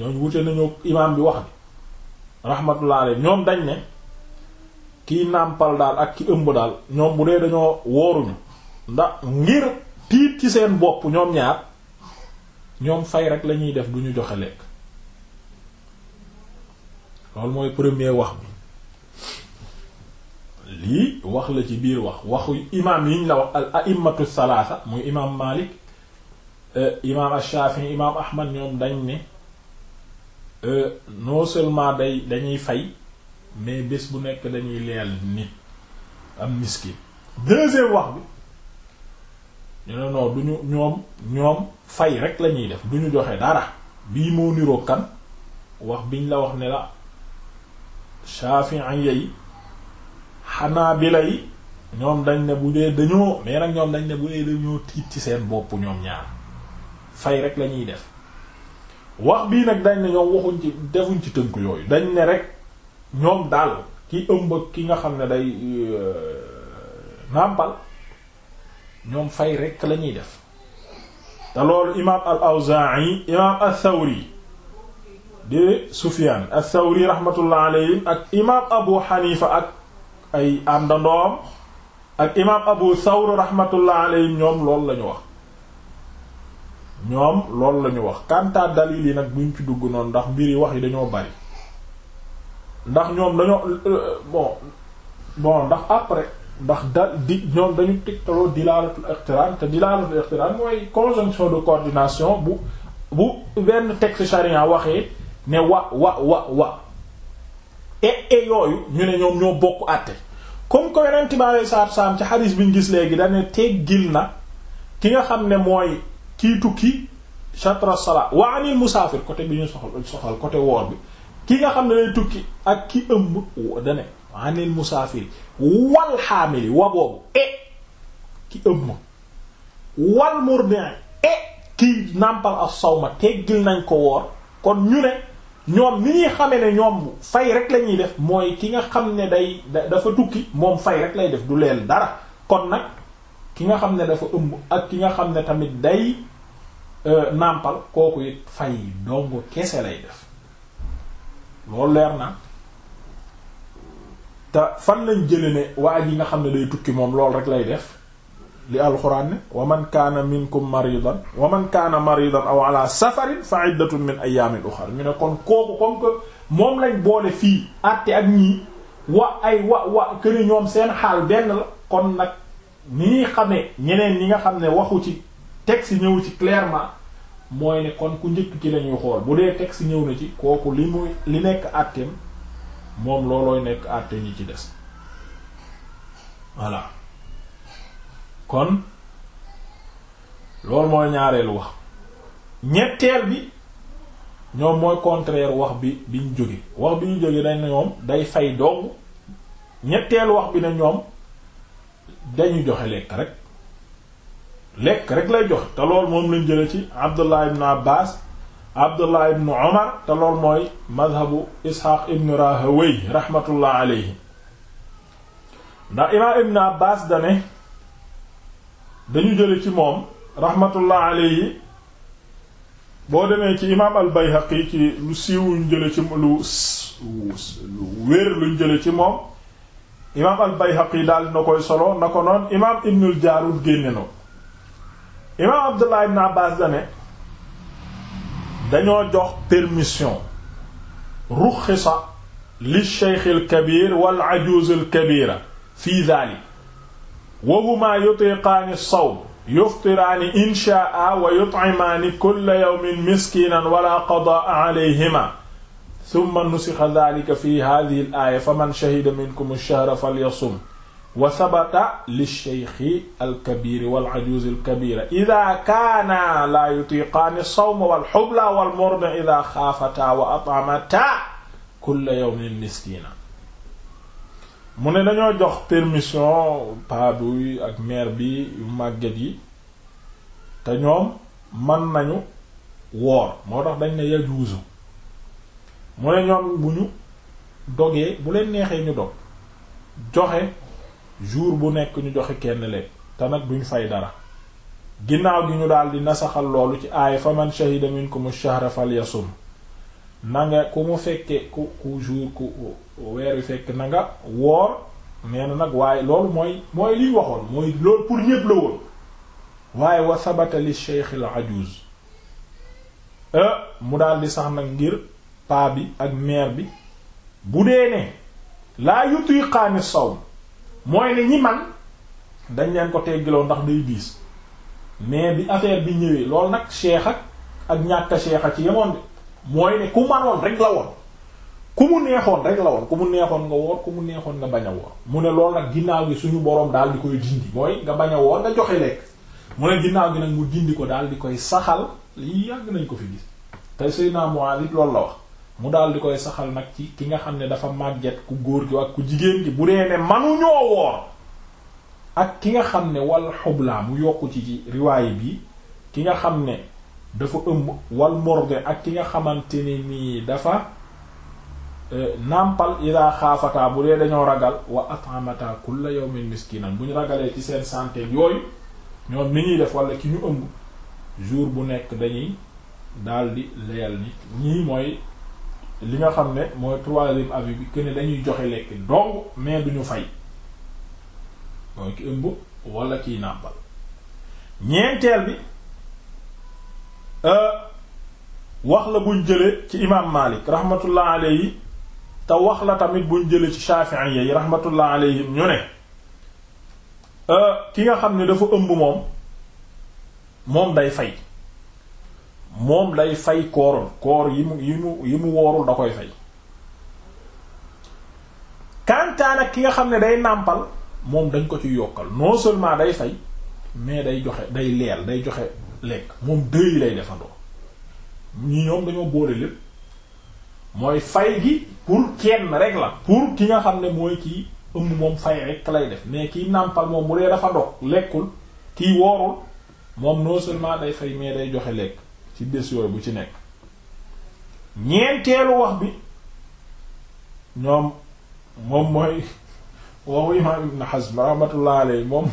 ñooñ wute nañu imam bi wax bi ñoom dañ ne kii nàmpal daal ak ki ëmb daal ñoom bu dee dañoo wooruñu ndax ngir tiit ci seen bopp ñoom ñaar ñoom fay rek lañuy def du ñu joxe lekk loolu mooy premier wax bi lii wax la ci biir wax waxu imaam yiñ la wax al a'immatu salaasa muy imaam Maalik euh, imaam Ashaafi imaam Ahmad ñoom dañ ni euh, non seulement day dañuy fay mais bés bu nekk dañuy leel nit am miskin deuxième wax bi ñu ne non duñu ñoom ñoom fay rek lañuy def ñu joxe dara bii moo niroo kan wax biñ la wax ne la Shafi'iyya yi bi lay ñoom dañ ne bu dee dañoo mais nag ñoom dañ ne bu dee dañoo tiit ci seen bopp ñoom ñaar fay rek lañuy def wax bii nag dañ ne ñoom waxuñ ci defuñ ci tënk yooyu dañ ne rek ñoom daal ki ëmb ki nga xam ne day euh, nàmpal ñoom fay rekk lañuy def te loolu imaam al-Awzaa'i imaam al-Thawri di Sufyaan ath-Thawri rahmatullah alayhi ak imaam Abu Hanifa ak ay àndandoom ak imaam Abu Thawr rahmatullah alayhi ñoom loolu la wax ñoom loolu la ñu wax kanta dalil yi nag duñ ci dugg noonu ndax mbir wax yi dañoo bari ndax ñoom dañoo euh, bon ndax après ndax da di ñoom dañu tegtaloo dilaalatul iqtiraan te dilaalatul iqtiraan mooy conjonction de coordination bu bu benn texte charia waxee ne wa wa wa wa e, e yooyu ñu ne ñoom ñoo bokk àtte comme ko yonent bi alei salatu ci xadis bi ñu gis léegi dane teggil na ki nga xam ne mooy kii tukki chatra sala wa anil musaafir côté bi ñu soxal soxal côté woor bi ki nga xam ne lay tukki ak ki ëmb dane anil musaafir wal xaamili wa boobu e ki ëmb wal murdi e kii nàmpal as sawma teggil nañ ko woor kon ñu ne ñoom ni ñuy xamee ne ñoom fay rek lañuy def mooy ki nga xam ne day dafa tukki moom fay rek lay def du leel dara kon nag ki nga xam ne dafa ëmb ak ki nga xam ne tamit day euh, nàmpal kooku fay dong kese lay def loolu leer na te fan lañ jële ne waa yi nga xam ne day tukki moom loolu rek lay def li alquran ne wa man kaana minkum maridan wa man kaana maridan aw ala safarin fa iddatun min ayamin uxar ñu ne kon kooku lañ boole fii àtte ak ñii wa wa wa këri ñoom seen xaal benn la kon nag ni ñuy ñeneen ñi nga xam ne waxu ci texte ñëw ci clairement mooy ne kon ku njëkk ci lañuy xool bu dee texte ñëw na ci kooku li muy li nekk àtteem moom loolooy nekk àtte ñi ci des voilà kon loolu mooy ñaareelu wax ñetteel bi ñoom mooy contreer wax bi bi ñu jóge wax bi ñu jóge dañ ñoom day fay dong ñetteel wax bi ne ñoom dañu joxe lekk rek lekk rek lay jox te lool moom lañ jële ci Abdullah ibn Abbas Abdullah ibn Umar te loolu mooy madhabu Ishaq ibn Rahawayh rahmatullah alayhi ndax imaam ibn Abbas dane dañu jële ci moom rahmatullah alayhi boo demee ci imaam al bayhaqi ci lu siiwuñ jële ci lu wér luñ jële ci moom imaam al bayhaqi daal na koy solo na ko noon imaam ibnul jaarud génne na imaam abdullah ibn abbas dane dañoo jox permission ruxisa li sheykh al kabir wal ajuuz al kabira fi daalik wa huma yutiqaani as-sawm yuftiraani insha'a wa yut'imaani kulla yawmin miskiinan wala qadaa'a alayhima summa nusikha dhaalika fi haadhihi al-aaya faman shahida minkum ash-shahra falyasum wa sabata lish-shaykhi al-kabiiri wal-ajuuzi al-kabiira idhaa kaanaa laa yutiiqaani as-sawma wal-hubla wal-murdi'a idhaa khaafataa wa at'amataa kulla yawmin miskiinan mu ne dañoo jox permission paaduy ak maire bi yu màgget yi te ñoom man nañu woor moo tax dañ ne yajuusu mu ne ñoom bu ñu dogee bu leen neexee ñu dog joxe jour bu nekk ñu joxe kenn leen te nag duñ fay dara ginnaaw gi ñu daal di nasaxal loolu ci aaya faman shahida minkum ash-shahra falyasum na nga ku mu fekke ku ku jour ku weer fekk na nga woor nee nag waaye loolu mooy mooy liy waxoon mooy loolu pour ñépp la woon waaye wa sabata li cheikh al ajuz e, mu daldi di sax nag ngir paa bi ak mère bi bu dee ne laa yutiqaani sawm mooy ne ñi man dañ leen ko teggiloo ndax day diis mais bi affaire bi ñëwee lool nag cheikh ak ak ñàkk cheikh a ci yemoon de mooy ne ku manoon rek la woon ku mu neexoon rek la woon ku mu neexoon nga woor ku mu neexoon nga bañ a woor mu ne loolu nag ginnaaw gi suñu boroom daal di koy dindi mooy nga bañ a woor nga joxe lekk mu ne ginnaaw gi nag mu dindi ko daal di koy saxal lii yàgg nañ ko fi gis te Seydina Muaaz it loolu la wax mu daal di koy saxal nag ci ki nga xam ne dafa màgget ku góor gi ak ku jigéen gi bu dee ne manuñoo woor ak ki nga xam ne wal xublaa mu yokku ci ci riwaay bi ki nga xam ne dafa ëmb wal morde ak ki nga xamante ni nii dafa euh, nàmpal ida xaafataa bu dee dañoo ragal wa atamata kulla yawmin miskinan bu ñu ragalee ci seen santé yooyu ñoom ni ñuy def wala ki ñu ëmb jour bu nekk dañuy daldi leyal ni ñii mooy li nga xam ne mooy troisième avis bi que ne dañuy joxe lekk dong mais duñu fay mooy ki ëmb wala kiy nàmpal ñeenteel bi Euh, wax la buñ jële ci imaam Maalik rahmatullah alayhi te wax la tamit buñ jëlee ci Shafi'i yi rahmatullah alayhim ñu ne euh, ki nga xam ne dafa ëmb moom moom day fay moom day fay kooral yi mu mu yi koy fay kantaan ak ki nga xam ne day nàmpal moom dañ ko ci yokkal non seulement day fay mais day joxe day leel day joxe lekk moom dëy lay defandoo ñi ñoom dañoo boole lépp mooy fay gi pour kenn rek la pour ki nga xam ne mooy kii ëmb moom fay rek lay def mais kii nàmpal moom bu dee dafa lekkul kii woorul moom non seulement day fay mais day joxe lekk ci bés yooyu bu ci nekk ñeenteelu wax bi ñoom moom mooy waxu imaam Ibn Hazm rahmatullah alayhi moom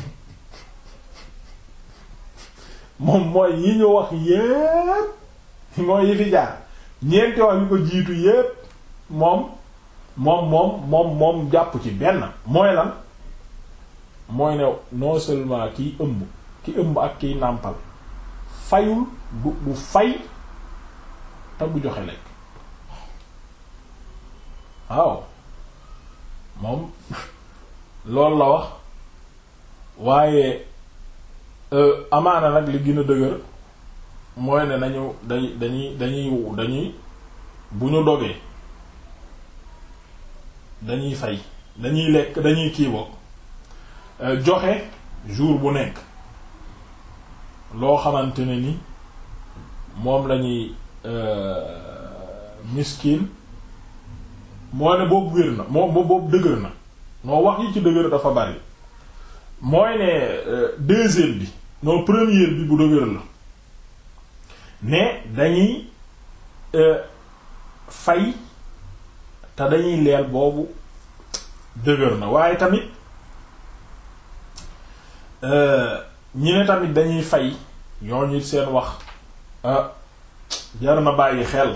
moom mooy yi ñu wax yépp mooy yi jaar ñeenti wax yu ko jiitu yépp moom moom moom moom moom jàpp ci benn mooy lan mooy ne non seulement kiy ëmb ki ëmb ak kiy nàmpal fayul du du fay te bu joxe lekk waaw moom loolu la wax waaye Euh, amaana nag li gën a dëgër mooy ne nañu dañuy dañuy dañuy dañuy bu ñu dogee dañuy fay dañuy lekk dañuy kiibo euh, joxe jour bu nekk loo xamante ne ni moom lañuy euh, miskin mooy ne boobu wér na moo boobu dëgër na noo wax yi ci dëgër dafa bari mooy ne deuxième bi non première bi bu dëgër la mais dañuy euh, fay te dañuy leel boobu dëgër na waaye tamit euh, ñi ne tamit dañuy fay ñooñu seen wax ah jar na bàyyi xel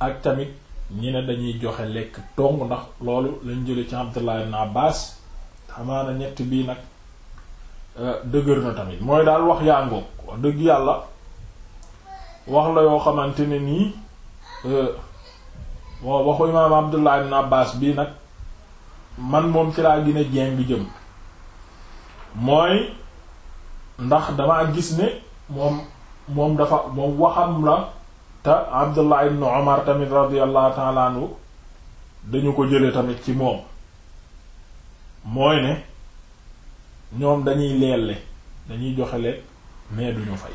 ak tamit ñi ne dañuy joxe lekk dong ndax loolu lañ jële ci Abdullah ibn baas xamaana ñett bii nag euh, dëgër na tamit mooy daal wax yaa ngoog dëgg yàlla wax la yoo xamante ne nii bon euh, waxu imaam Abdullah ibn Abbas bii nag man moom ci laa gine jeng jëm mooy ndax damaa gis ne moom moom dafa moom waxam la te Abdullah ibn tamit radiyallahu ta'ala anhu dañu ko jële tamit ci moom mooy ne ñoom dañuy leelle dañuy joxe lekk mais duñu fay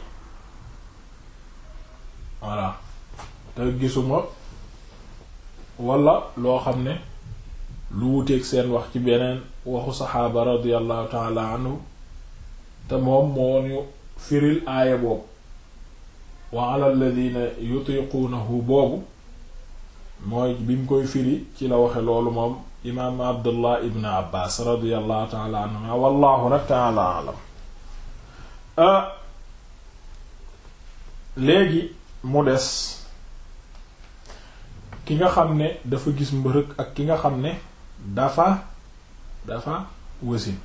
voilà te gisuma wala loo xam ne lu wuteeg seen wax ci beneen waxu saxaaba radiallahu taala anhu te moom moo ñu firil aaya boobu wa ala alladina yutiquunahu boobu mooy bi koy firi ci la waxe loolu moom imaam abdullah ibn abbas radiallahu taala anhuma wallahu nag taala alam euh, léegi mu des ki nga xam ne dafa gis mbërëg ak ki nga xam ne dafa dafa wasin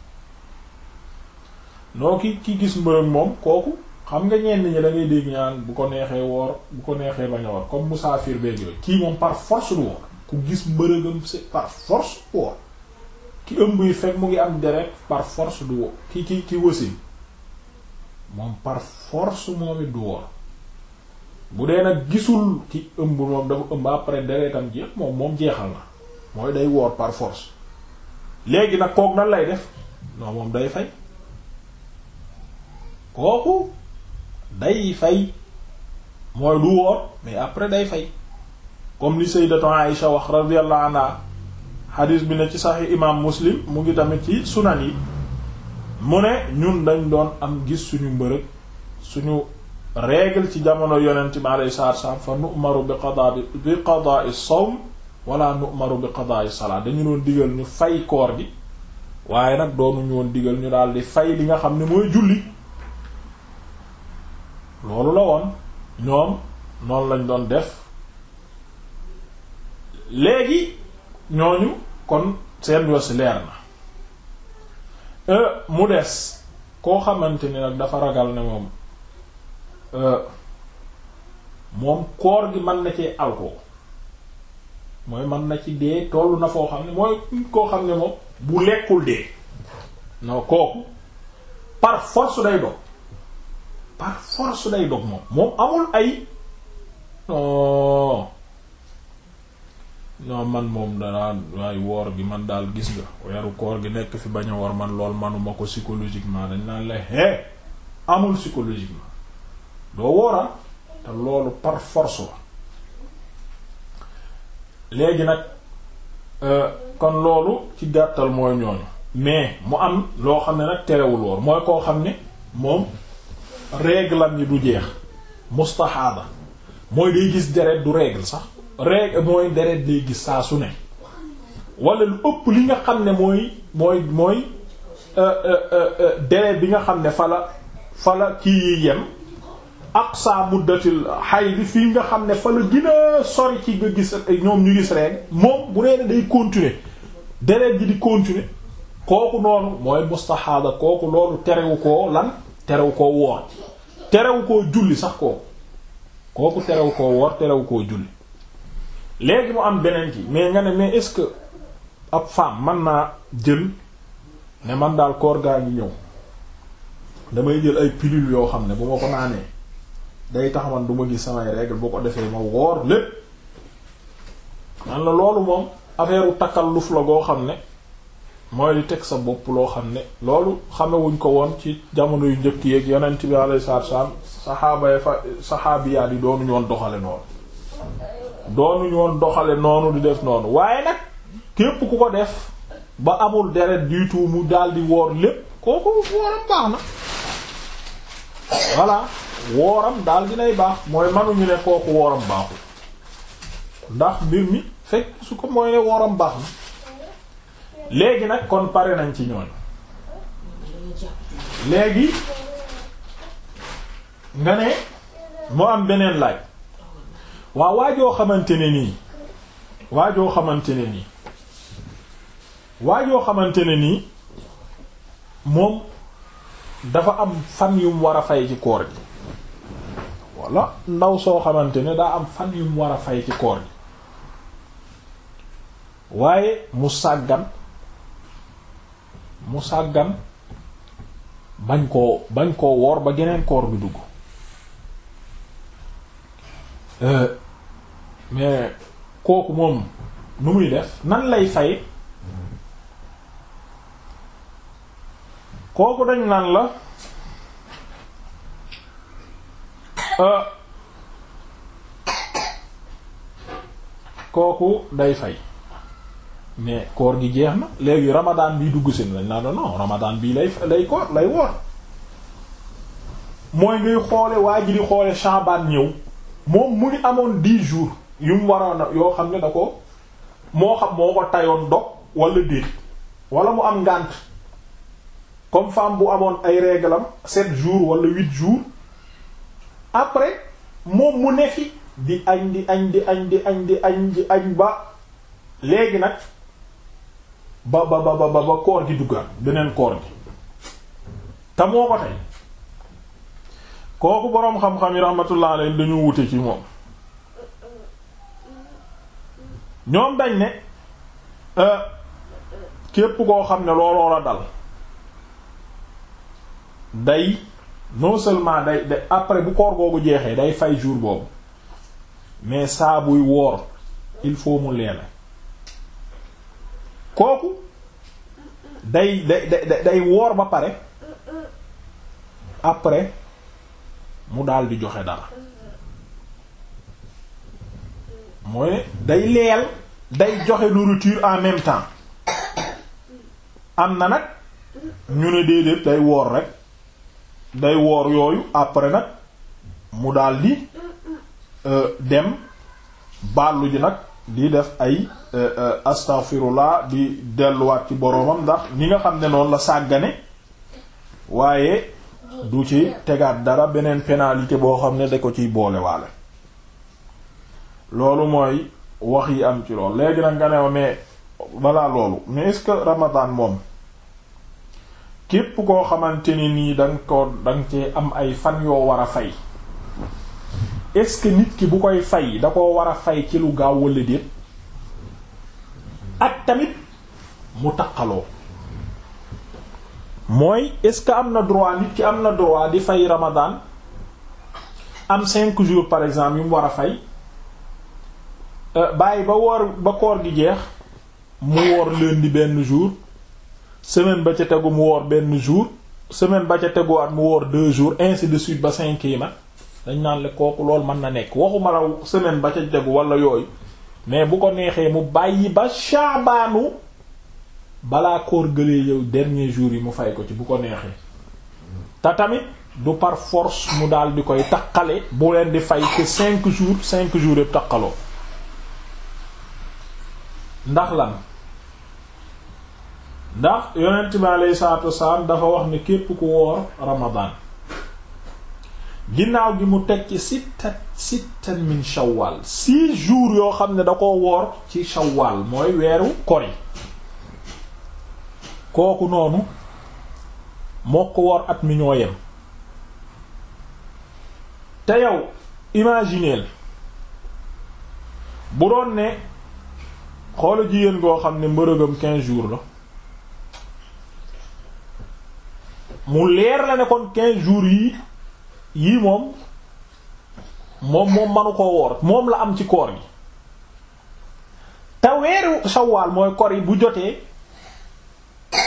noo ki ki gis mbërëg moom kooku xam nga ñenn ñi da dégg ñaan bu ko neexee woor bu ko neexee bañ a comme musaafir beeg yooyu kii moom par force du woor ku gis mbërëgam c'est par woor ki ëmb yi fekk mu ngi am deret par force du wo ki ki ki wasin moom par force moom du woor bu dee nag gisul ki ëmb moom dafa ëmb après deretam jeex moom moom jeexal na mooy day woor par force léegi nag kook nan lay def non moom day fay kooku day fay mooy du woor mais après day fay comme li sayyidatu Aïsha wax radiyallahu anha xadiis bi ne ci sax imaam muslim mu ngi tamit ci sunan yi mu ne ñun dañ doon am gis suñu mbërëg suñu règle ci jamono yonent bi alayhi salaatu wa salaam fa nu'maru bi qadaa bi qadaa'i sawm wala nu'maru bi qadaa'i salaat dañu doon digal ñu fay koor gi waaye nag doonuñu woon digal ñu daal di fay li nga xam ne mooy julli loolu la woon ñoom noonu lañ doon def léegi ñooñu kon seen wes leer na euh, mu des koo xamante ni nag dafa ragal ne moom euh, moom koor gi man na ci alko mooy man na ci dee tollu na foo xam ne mooy koo xam ne moom bu lekkul dee non kooku par force day dog par force day dog moom moom amul ay non non man moom danaa waaye woor gi man daal gis nga weeru koor gi nekk fi bañ a woor man lool manuma ko psychologiquement dañ naan la hee amul psychologiquement doo woora ah? te loolu par force la léegi nag euh, kon loolu ci gàttal mooy ñooñu mais mu am loo xam ne nag terewul woor mooy koo xam ne moom règle am yi du jeex mustahaada mooy day gis deret du règle sax ree mooy deret day gis saa su ne walla lu ëpp li nga xam ne mooy mooy mooy euh, euh, euh, deret bi nga xam ne fa la fa la kii yi yem aqsa muddatil bi fii nga xam ne fa la gën a sori ci nga gis ñoom ñu gis reen moom bu reene day continuer deret ji di continuer kooku noonu mooy mustahaada kooku loolu terewu koo lan terewu koo woor terewu koo julli sax kooku kooku terewu koo woor terewu koo julli léegi mu am beneen ki mais nga ne mais est-ce que ab femme man naa jël ne man daal koor gaa ngi ñëw damay jël ay pilule yoo xam ne bu ma ko naanee day tax man du ma gis samay règle boo ko defee ma woor lépp man la loolu moom affaire takkal luf la goo xam ne mooy di teg sa bopp loo xam ne loolu xamewuñ ko woon ci jamono yu njëkk yeeg yeneen bi alayhi salaatu wa salaam saxaaba ya fa saxaabiyaat yi doonuñu woon doxale noonu doonuñu woon doxale noonu di def noonu waaye nag képp ku ko def ba amul deret du tout mu daldi woor lépp kooku wooram baax na voilà wooram daal nay baax mooy manuñu ne kooku wooram baaxul ndax mbir mi fekk su ko mooy ne wooram baax na léegi nag kon pare nañ ci ñooñ léegi nga ne mu am beneen laaj waaw waajoo xamante ne nii waajoo xamante ne nii waajoo xamante ne nii moom dafa am fan yum war a fay ci koor gi walla ndaw soo xamante ne daa am fan yum war a fay koor waaye mu sàggan mu sàggan bañ koo bañ koo woor ba geneen koor bi dugg euh, mais kooku moom nu muy def nan lay fay kooku dañ naan la euh, kooku day fay mais koor gi jeex na léegi ramadan bi dugg seen lañ naan la non ramadan bii lay lay koor lay woor mooy ngay xoole waa ji di xoole Shaban ñëw moom mu ngi amoon dix jours yu mu yoo xam ne da ko moo xam moo ko tayoon dog walla déet wala mu am ngànt comme femme bu amoon ay réglam sept jours walla huit jours après moom mu ne fi di añ di añ di añ di añ di añ ba léegi nag ba ba ba ba ba koor gi duggaat beneen koor gi te moo ko kooku boroom xam-xam yi rahmatullah alayhi dañu wute ci moom ñoom dañ ne euh, képp koo xam ne looloo la dal day non seulement day day après bu koor googu jeexee day fay jour boobu mais saa buy woor il faut mu leena kooku day day day day woor ba pare après mu daal di joxe dara mooy day leel day joxe nourriture en même temps am na nag ñu ne déedéet day woor rek day woor yooyu après nag mu daldi euh, dem ballu ji nag di def ay euh, euh, astaghfirullah di delluwaat ci boroomam ndax ñi nga xam ne noonu la sàggane waaye du ci tegaat dara beneen pénalité boo xam ne da ko ciy boolewaale loolu mooy wax yi am ci lool léegi nag nga ne mais balaa loolu mais est-ce que ramadan moom képp koo xamante ni nii danga ko danga cee am ay fan yoo war a fay est nit ki bu koy fay da koo war a fay ci lu gaaw walla déet ak tamit mu taqaloo mooy est-ce que am na droit nit ki am na droit di fay ramadan am cinq jour par exemple yu mu war a fay Euh, bàyyi ba woor ba koor gi jeex mu woor lundi benn jour semaine ba ca tegu mu woor benn jour semaine ba ca at mu woor deux jours ainsi de suite ba cinq yi ma dañ naan la kooku loolu mën na nekk waxuma la semaine ba ca tegu wala yooyu mais bu ko neexee mu bàyyi ba shaabaanu balaa koor gëlee yow dernier jour yi mu fay ko ci bu ko neexee te tamit du par force mu daal di koy taqale bu leen di fay que cinq jour cinq jours yëpp taqaloo ndax lan ndax yonent bi aleyhi salaatu wasalaam dafa wax ne képp ku woor ramadaan ginnaaw gi mu teg ci sittat sittan min shawwal six jours yoo xam ne da ko woor ci shawwal mooy weeru kori kooku noonu moo ko woor at mi ñoo yem te yow imagineel bu doon ne xoola jigéen goo xam ne mbërëgam quinze jours la mu leer la ne quinze jours yi yii moom moom moom manu ko woor moom la am ci koor gi te weeru sawaal mooy koor yi bu jotee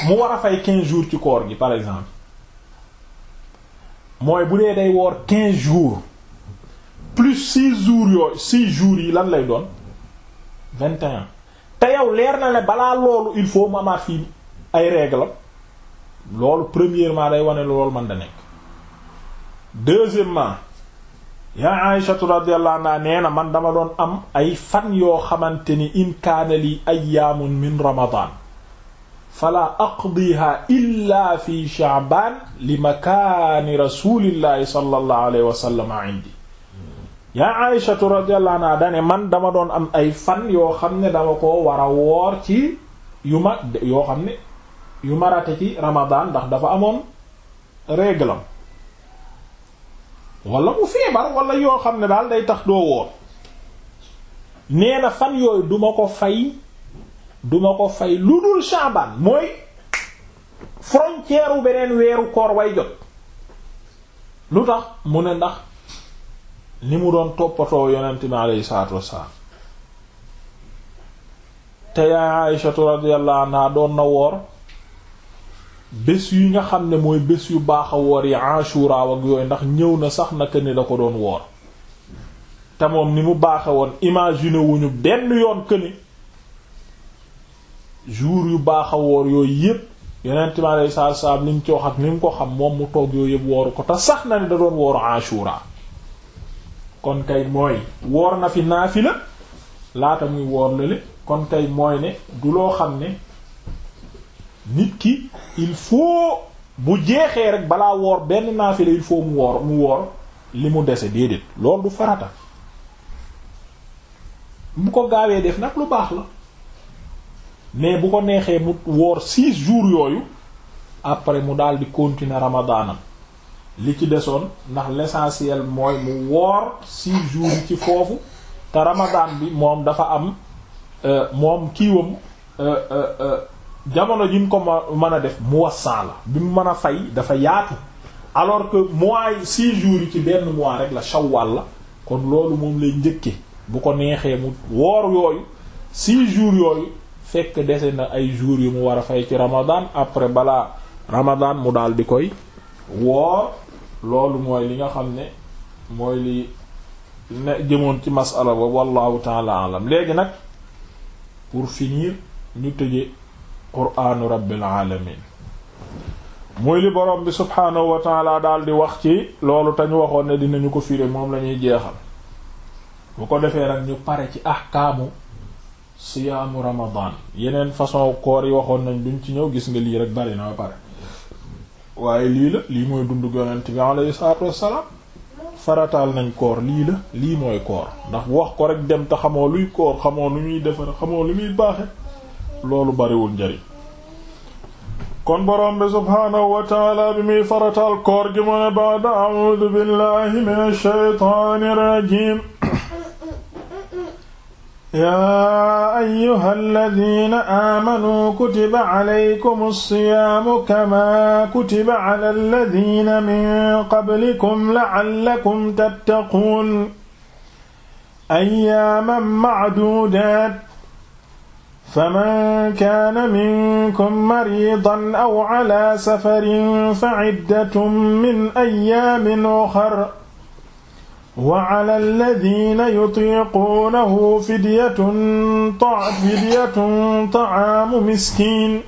mu war a fay quinze jours ci koor gi par exemple mooy bu dee day woor quinze jours plus six jours yooyu six jours yi lan lay doon te yow leer na ne balaa loolu il faut mu amaat fii ay règle loolu premièrement day wane loolu man da nekk deuxièmement yaa Aïshatu radiyallahu anha nee na man dama doon am ay fan yoo xamante ni in kaana li ayyaamun min ramadan fala aqdiha illa fi sha'ban li makaani rasulillahi sallallahu alayhi wa sallam indi yaa Aïshatu radiyallahu anha dane man dama doon am ay fan yoo xam ne dama ko war a woor ci yu ma yoo xam ne yu ma rate ci Ramadan ndax dafa amoon réglam wala mu feebar wala yoo xam ne daal day tax doo woor nee fan yooyu duma ko fay duma ko fay lu dul Shaaban mooy frontière u beneen weeru koor way jot lu tax mu ne ndax ni mu doon toppatoo yonent bi aleyhi salaatu wassalaam te yaay Aysatu radiyallahu anha doon na woor bés yi nga xam ne mooy bés yu baax a woor yi Ashura ak yooyu ndax ñëw na sax naka ni da ko doon woor te moom ni mu baaxe woon imagine wuñu benn yoon këni jour yu baax a woor yooyu yépp yeneen time alay saab saab ni mu ci wax ak ni mu ko xam moom mu toog yooyu yépp wooru ko te sax na ni da doon wooru Ashura kon kay mooy woor na fi naafila laata muy woor lale kon kay mooy ne du loo xam ne nit ki il faut bu jeexee rek balaa woor benn naafila il faut mu woor mu woor li mu dese déedéet loolu du farata bu ko gaawee def nag lu baax la mais bu ko neexee mu woor six jours yooyu après mu daal di continuer ramadaanam li ci desoon ndax l'essentiel mooy mu woor six jours yi ci foofu te ramadan bi moom dafa am euh, moom kiiwam euh, euh, jamono ji mu ko mën a def mu muwassan la bi mu mën a fay dafa yaatu alors que mois six jours yi ci benn mois rek la shawwal la kon loolu moom lay njëkke bu ko neexee mu woor yooyu six jours yooyu fekk dese na ay jours yu mu war a fay ci ramadan après balaa ramadan mu daal di koy woor loolu mooy li nga xam ne mooy li ne jëmoon ci masala ba wallahu taala alam léegi nag pour finir ñu tëje quraanu rabbil alamin muy li borom bi subhaanahu wa taala daal di wax ci loolu te ñu waxoon ne dinañu ko firé moom lañuy jeexal bu ko defee nag ñu pare ci ahkaamu siyaamu ramadan yeneen façon koor yi waxoon nañ duñ ci ñëw gis nga lii rek bari na ba pare waaye lii la lii mooy dundug yonent bi alayhi salaatu wassalaam farataal nañ koor lii la lii mooy koor ndax wax ko rek dem te xamoo luy koor xamoo lu ñuy defar xamoo lu muy baaxe loolu bariwul njariñ kon borom bi subhaanahu wa bi muy farataal koor gi mu ne ba'da a'uudu billahi minash rajiim yaa ayyuhal ladhiina aamanuu kutiba alaykumu ssiyaamu kamaa kutiba alal ladhiina min qablikum la'allakum tattaquun ayyaaman ma'duudaat faman kaana minkum mariidan aw alaa safarin fa'iddatun min ayyaamin ukhar wa ala alladhina yutiqunahu fidyatun fidyatun ta'aamu miskiin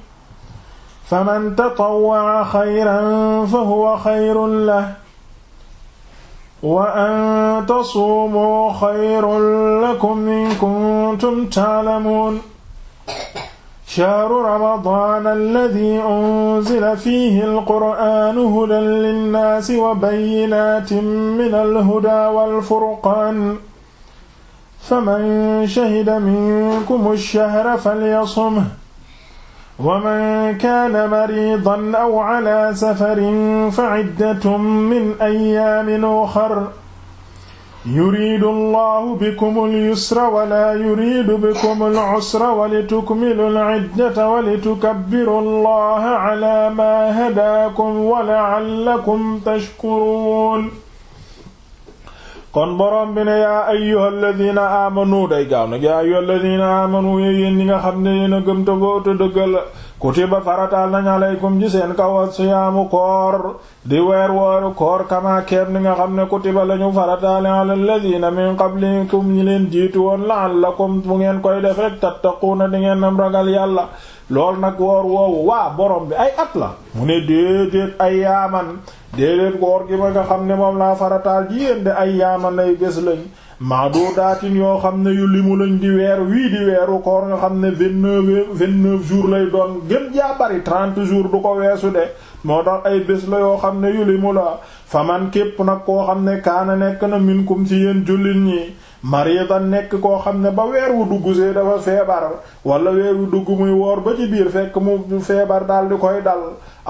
faman tatawwa'a xayran fahuwa xayrun lahu wa an tasuumu xayrun lakum in kuntum ta'lamuun shahru ramadaan alladii unzila fiihi alqur'aanu hudan linnaasi wa bayyinaatin minal hudaa wal furqaan faman shahida minkumu shahra falyasumhu wa man kaana mariidan aw calaa safarin fa ciddatun min ayyaamin ukhar yuridu allahu bikum al-yusra wa laa yuridu bikum al-usra wa litukmilu al-iddata wa litukabbiru allaha ala maa hadaakum wa la'allakum tashkuruun kon boroom bi ne yaa ayyuhal ladina aamanu day gaaw nag yaa ayyuhal ladina aamanu yéen ñi nga xam ne yéen a gëm te dëggal kutiba farataal nañ aleykum ci seen kaw siyaamu koor di weer wooru koor kama keem ni nga xam ne kutiba lañu farataal ala alladina min qablikum ñi leen jiitu woon la'allakum bu ngeen koy def rek tattaquuna di ngeen am ragal yàlla lool nag woor woowu waa borom bi ay at la mu ne déedéet ay yaaman déedéet woor gi ma nga xam ne moom laa farataal ji yéen de ay yaaman lay bés lañ maadudaatin yoo xam ne yu limu lañ di weer wii di weeru koor nga xam ne vingt-neuf vingt-neuf jours lay doon gën jaa bari trente jours du ko weesu de moo tax ay bés la yoo xam ne yu limu la faman képp nag koo xam ne kaana nekk na minkum ci yéen jullit ñi marie ba nekk koo xam ne ba weer wu dugg see dafa feebar wala weer wu dugg muy woor ba ci biir fekk mu feebar daal di koy dal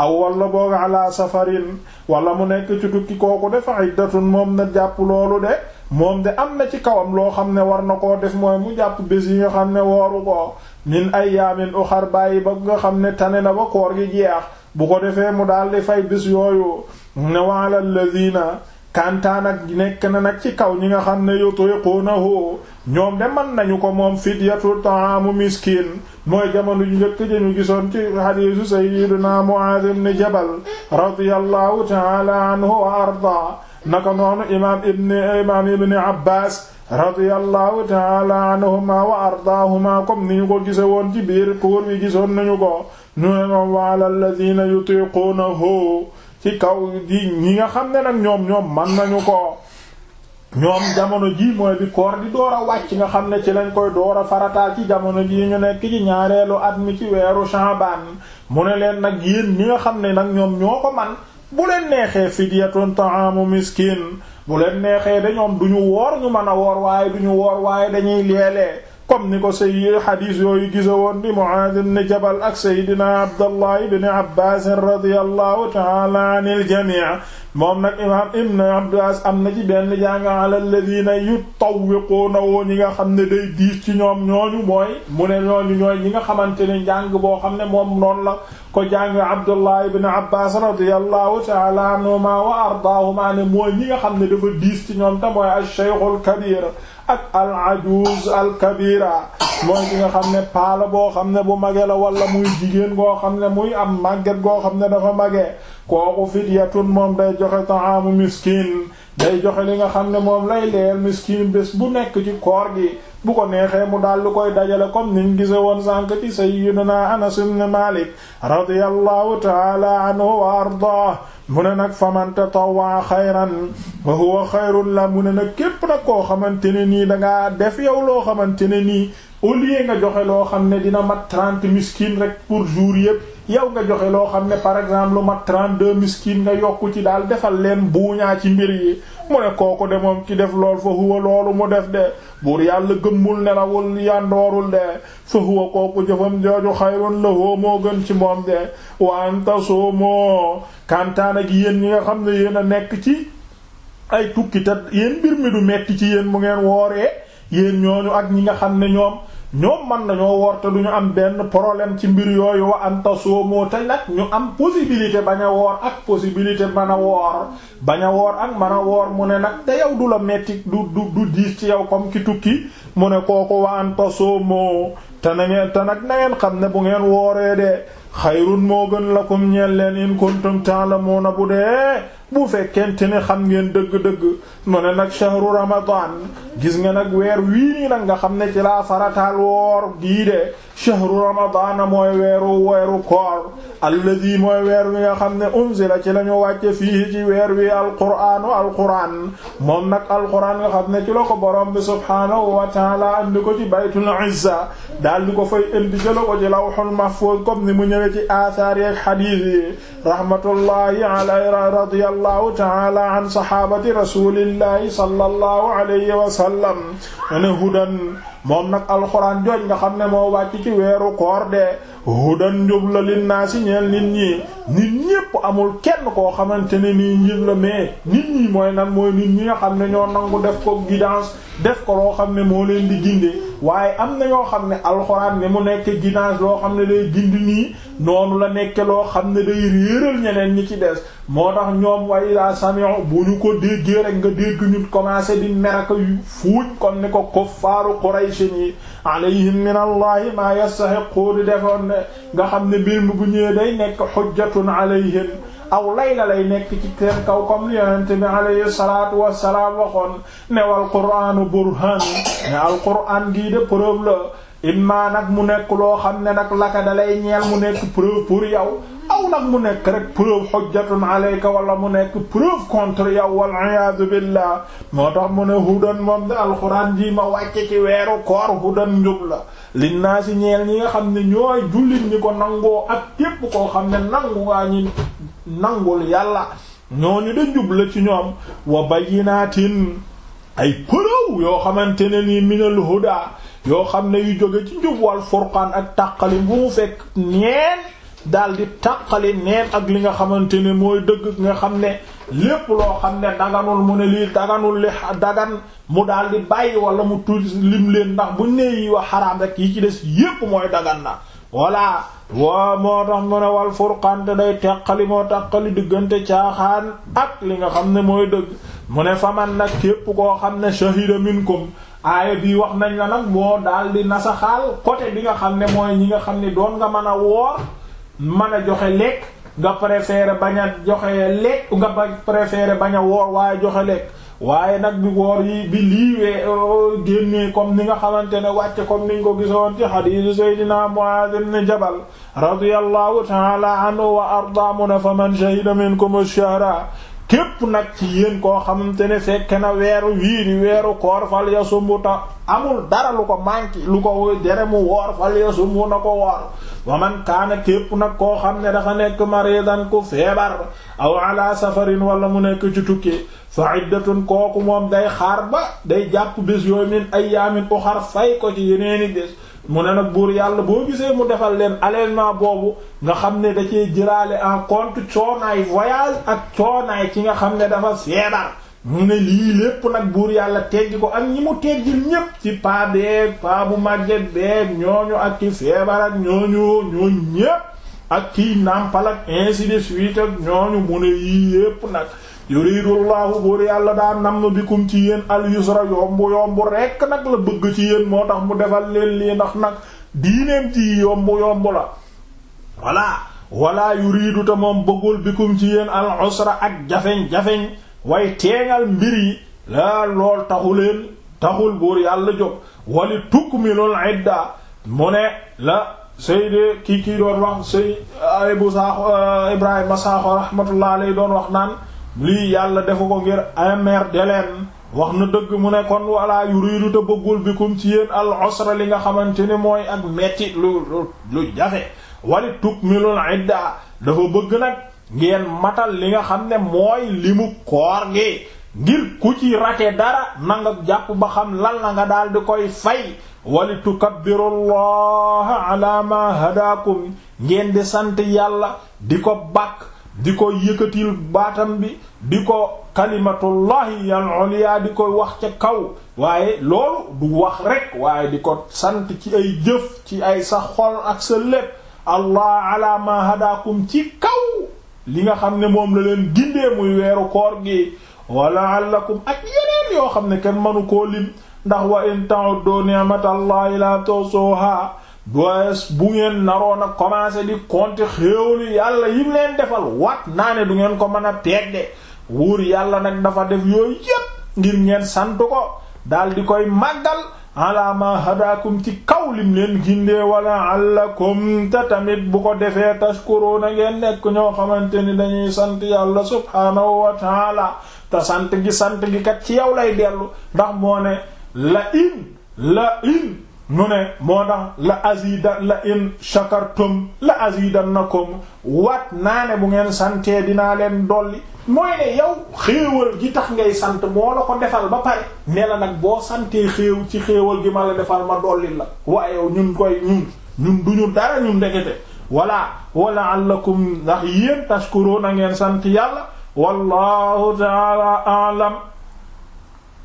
aw wala boog ala safarin wala mu nekk ci tukki kooku defa iddatun moom na jàpp loolu de moom de am na ci kawam loo xam ne war na koo def mooy mu jàpp bés yi nga xam ne wooru ko min ayaamin uxar bàyyi ba nga xam ne tane na ko koor gi jeex bu ko defee mu daal di fay bés yooyu ne waala alladina kantaan ak nekk na nag ci kaw ñi nga xam ne yutiqunahu ñoom de mën nañu ko moom fidyatu ta'amu miskin mooy jamono ju njëkk ja ñu gisoon ci hadiisu sayyidina Mu'aaz ibn Jabal radiyallahu ta'ala anhu wa arda naka noonu imaam ibn imaam ibn Abbas radiyallahu taala anhuma wa ardaahuma comme ni ñu ko gise woon ci biir kuur wi gisoon nañu ko ñu ne moom wa yu alladhina yutiqunahu ci kaw ji ñi nga xam ne nag ñoom ñoom man nañu ko ñoom jamono jii mooy bi koor di door a wàcc nga xam ne ci lañ koy door a farataal ci jamono ji ñu nekk ci ñaareelu at mi ci weeru Sha'ban mu ne leen nag yéen ñi nga xam ne nag ñoom ñoo ko man bu leen neexee fidyatun ta'amu miskin bu leen neexee dañoom ñoom du ñu woor ñu mën a woor waaye du ñu woor waaye dañuy leele comme ni ko sayyid xadiis yooyu gisa woon di Muaaz ibn Jabal ak sayyidina Abdallah ibn Abbaas radiyallahu ta'ala anil jamii moom nag imaam ibn Abbaas am na ci benn jàng ala alladhiina yutawwiquuna woo ñi nga xam ne day diis ci ñoom ñooñu mooy mu ne ñooñu ñooy ñi nga xamante ne jàng boo xam ne moom noonu la ko jàng Abdallah ibn Abbaas radiyallahu ta'ala anhumaa wa ardaahuma ne mooy ñi nga xam ne dafa diis ci ñoom te mooy ash-shaykhul kabiir ak al ajuz al kabira mooy ki nga xam ne paala boo xam ne bu magee la wala muy jigéen goo xam ne muy am màgget goo xam ne dafa mage kooku fidyatun moom day joxe ta'amu miskin day joxe li nga xam ne moom lay leer miskin bés bu nekk ci koor gi bu ko neexee mu daal lu koy dajale comme niñ gise woon sànk ci sayyidina Anas ibn Malik radiyallahu ta'ala anhu wa ardaah mu ne nag faman tatawwa xayran wa huwa xayrun la mu ne nag képp nag koo xamante ne nii dangaa def yow loo xamante ne nii au lieu nga joxe loo xam ne dina mat trente miskin rek pour jour yépp yow nga joxe loo xam ne par exemple lu mat 32 miskine nga yokku ci daal defal leen buuñaa ci mbir yi mu ne kooku de moom ci def lool fa huwa loolu mu def de buur yàlla gëmmul nelawul yandoorul de fa huwa kooku jëfam jooju xayrun lahu moo gën ci moom de wanta soo moo kantaan ak yéen ñi nga xam ne yéen a nekk ci ay tukki te yéen mbir mi du metti ci yéen mu ngeen wooree yéen ñooñu ak ñi nga xam ne ñoom ñoom man nañoo woor te du ñu am benn problème ci mbir yooyu wa anta soomoo te nag ñu am possibilité bañ a woor ak possibilité mën a woor bañ a woor ak mën woor mu ne nag te yow du la metti du diis ci yow comme ki tukki mu ne kooku wa anta soomoo te na ngeen te nag na xam ne bu ngeen wooree de xayrun moo gën la lakum ñeel leen in kuntum ta'lamuna bu dee bu fekkente ne xam ngeen dëgg-dëgg mu ne nag shahru ramadan gis nga nag weer wii nii nga xam ne ci laa farataal woor gii de shahru ramadaan mooy weeru weeru koor alladi mooy weer wi nga xam ne unzila ci lañu wàcce fii ci weer wi alquraanu alquraan moom nag alquraan nga xam ne ci la ko borom bi subhaanahu wa taala andi ko ci baytul izza daal di ko fay indi jëla ko ci lawhul mahfuuz comme ni mu ñëwee ci aasaar yeek xadiis yi rahmatullahi alay radiyallahu taala an sahaabati rasuulillahi sallallahu alayhi wa sallam ana hudan moom nag alquraan jooj nga xam ne moo wàcc ci weeru koor de hudan njub la lin naa si ñeel nit ñi nit ñépp amul kenn koo xamante ne nii njub la mais nit ñi mooy nan mooy nit ñi nga xam ne ñoo nangu def ko guidance def ko loo xam ne moo leen di ginde waaye am na yoo xam ne alxuraan ne mu nekk guidance loo xam ne day gindi nii noonu la nekk loo xam ne day réeral ñeneen ñi ci des moo tax ñoom wa ila sami'u bu ñu ko déggee rek nga dégg ñu commencé di meraka yu fuuj kon ni ko kuffaaru Quraysh yi alayhim min allahi maa yastahiqu di defoon ne nga xam ne mbir mi bu ñëwee day nekk hujjatun alayhim aw layla lay nekk ci seen kaw comme li yonente bi alayhi salaatu wassalaam waxoon ne wal qur'aanu burhaan ne al qur'aan gii de preuve la nag mu nekk loo xam ne nag laka da ñeel mu nekk preuve pour yow aw nag mu nekk rek preuve hujjatun alayka wala mu nekk preuve contre yow wal iyaadu billah moo tax mu ne hudan moom da alxuraan ji ma wàcce ci weeru koor hudan njub la lin naa si ñeel ñi nga xam ne ñooy jullit ñi ko nangoo ak képp koo xam ne nangu ngaa ñi nangul yàlla ñooñu da njub la ci ñoom wa bayyinaatin ay preuve yoo xamante ne nii minal huda yoo xam ne yu jóge ci njub wal furqaan ak tàqali bu mu fekk ñeen daal di tàqali neen ak li nga xamante ni mooy dëgg nga xam ne lépp loo xam ne daganul mu ne lii daganul li dagan mu daal bàyyi wala mu tuuti lim leen ndax bu nee yi wax xaraam rek yi ci des yépp mooy dagan na voilà wa moo tax mu ne wal furqaan te day teqali moo teqali diggante caaxaan ak li nga xam ne mooy dëgg mu ne faman nag képp koo xam ne shahida minkum aaya bii wax nañ la nag moo daal di nasaxaal côté bi nga xam ne mooy ñi nga xam ne doon nga mën a woor mën a joxe lekk nga préféré bañ a joxe lekk nga préféré bañ a woor waaye joxe lekk waaye nag bi woor yi bi lii wee euh, génnee comme ni nga xamante ne wàcc comme niñ ko gisoon ci xadiisu Seydina Muaaz ibn Jabal radiyallahu ta'ala wa arda mu fa man shahida minkum ash-shahra képp nag ci yéen koo xamante ne fekk na weeru wii di weeru koor ya sumbu amul dara lu ko manqué lu ko dere mu woor fal ya sumbu na ko woor wa man kaana képp nag koo xam ne dafa nekk maridan ku feebar aw ala safarin wala mu nekk ci tukki fa iddatun kooku moom day xaar ba day jàpp bés yooyu min ayyaamin uxar fay ko ci yeneeni bés mu ne nag buur yàlla boo gisee mu defal leen allègement boobu nga xam ne da cee jëlaale en compte coonaay voyage ak coonaay ki nga xam ne dafa seebar mu ne lii lépp nag buur yàlla teggi ko ak ñi mu teggil ñépp ci paa beeg paa bu màgget beeg ñooñu ak ci feebar ñooñu ñooñu ñépp ak kiy nàmpal ak ainsi de suite ak ñooñu mu ne yii lépp nag yuridullahu buur yàlla daa namm bikum ci yéen al yusra yomb yomb rekk nag la bëgg ci yéen moo tax mu defal leen lii ndax nag diineem ci yomb yomb la voilà wala yuridu te moom bëggul bikum ci yéen al usra ak jafeñ-jafeñ way teeŋal mbir yi laa lool taxu taxul buur yàlla jóg wali tukmilul idda mu ne la Seydi kii doon wax Seydi Abu Saaxo Ibrahima Saaxo rahmatullah alayhi doon wax naan lii yàlla defu ko ngir amer deleen wax na dëgg mu ne kon walaa yuriidu te bëggul bikum ci yéen al usra li nga xamante ni mooy ak metti lu lu jafe wali tukmilul idda dafa bëgg nag ngeen matal li nga xam ne mooy limu koor gi ngir ku ci rate dara na jàpp ba xam lan la nga daal di koy fay wali tukabbirullaha ala ma ngeen di sant yàlla di ko bàkk di ko yëkkatil baatam bi di ko kalimatullahi al ulya di koy wax ca kaw waaye loolu du wax rekk waaye di ko sant ci ay jëf ci ay sa xol ak sa lépp allah ala ma ci kaw li nga xam ne moom la leen gindee muy weeru koor gi wala alakum ak yeneen yoo xam ne kenn mënu koo lim ndax wa in ta'uddu ni'matallahi la tusuha does bu ngeen naroon a commencé di compter xéewali yàlla yim leen defal wat naa ne du ngeen ko mën a peeg wuur yàlla nag dafa def yooyu yépp ngir ngeen sant ko dal di koy màggal alaama hadakum ci kaw lim leen gindee wala allakum te tamit bu ko defee na ngeen nekk ñoo xamante ni dañuy sant yàlla subhaanahu wa taala te sant gi sant gi kat ci yow lay dellu ndax moo ne la in la in mu ne moo tax la azida la in shakartum la azidannakum waat naa ne bu ngeen santee dinaa leen dolli mooy ne yow xéewal gi tax ngay sant moo la ko defal ba pare ne nag boo santee xéew ci xéewal gi ma la defal ma dolli la waaye yow ñun koy ñun ñun duñu dara ñun ndekete wala wala allakum ndax yéen tashkuruna ngeen sant yàlla wallahu ta'ala a'lam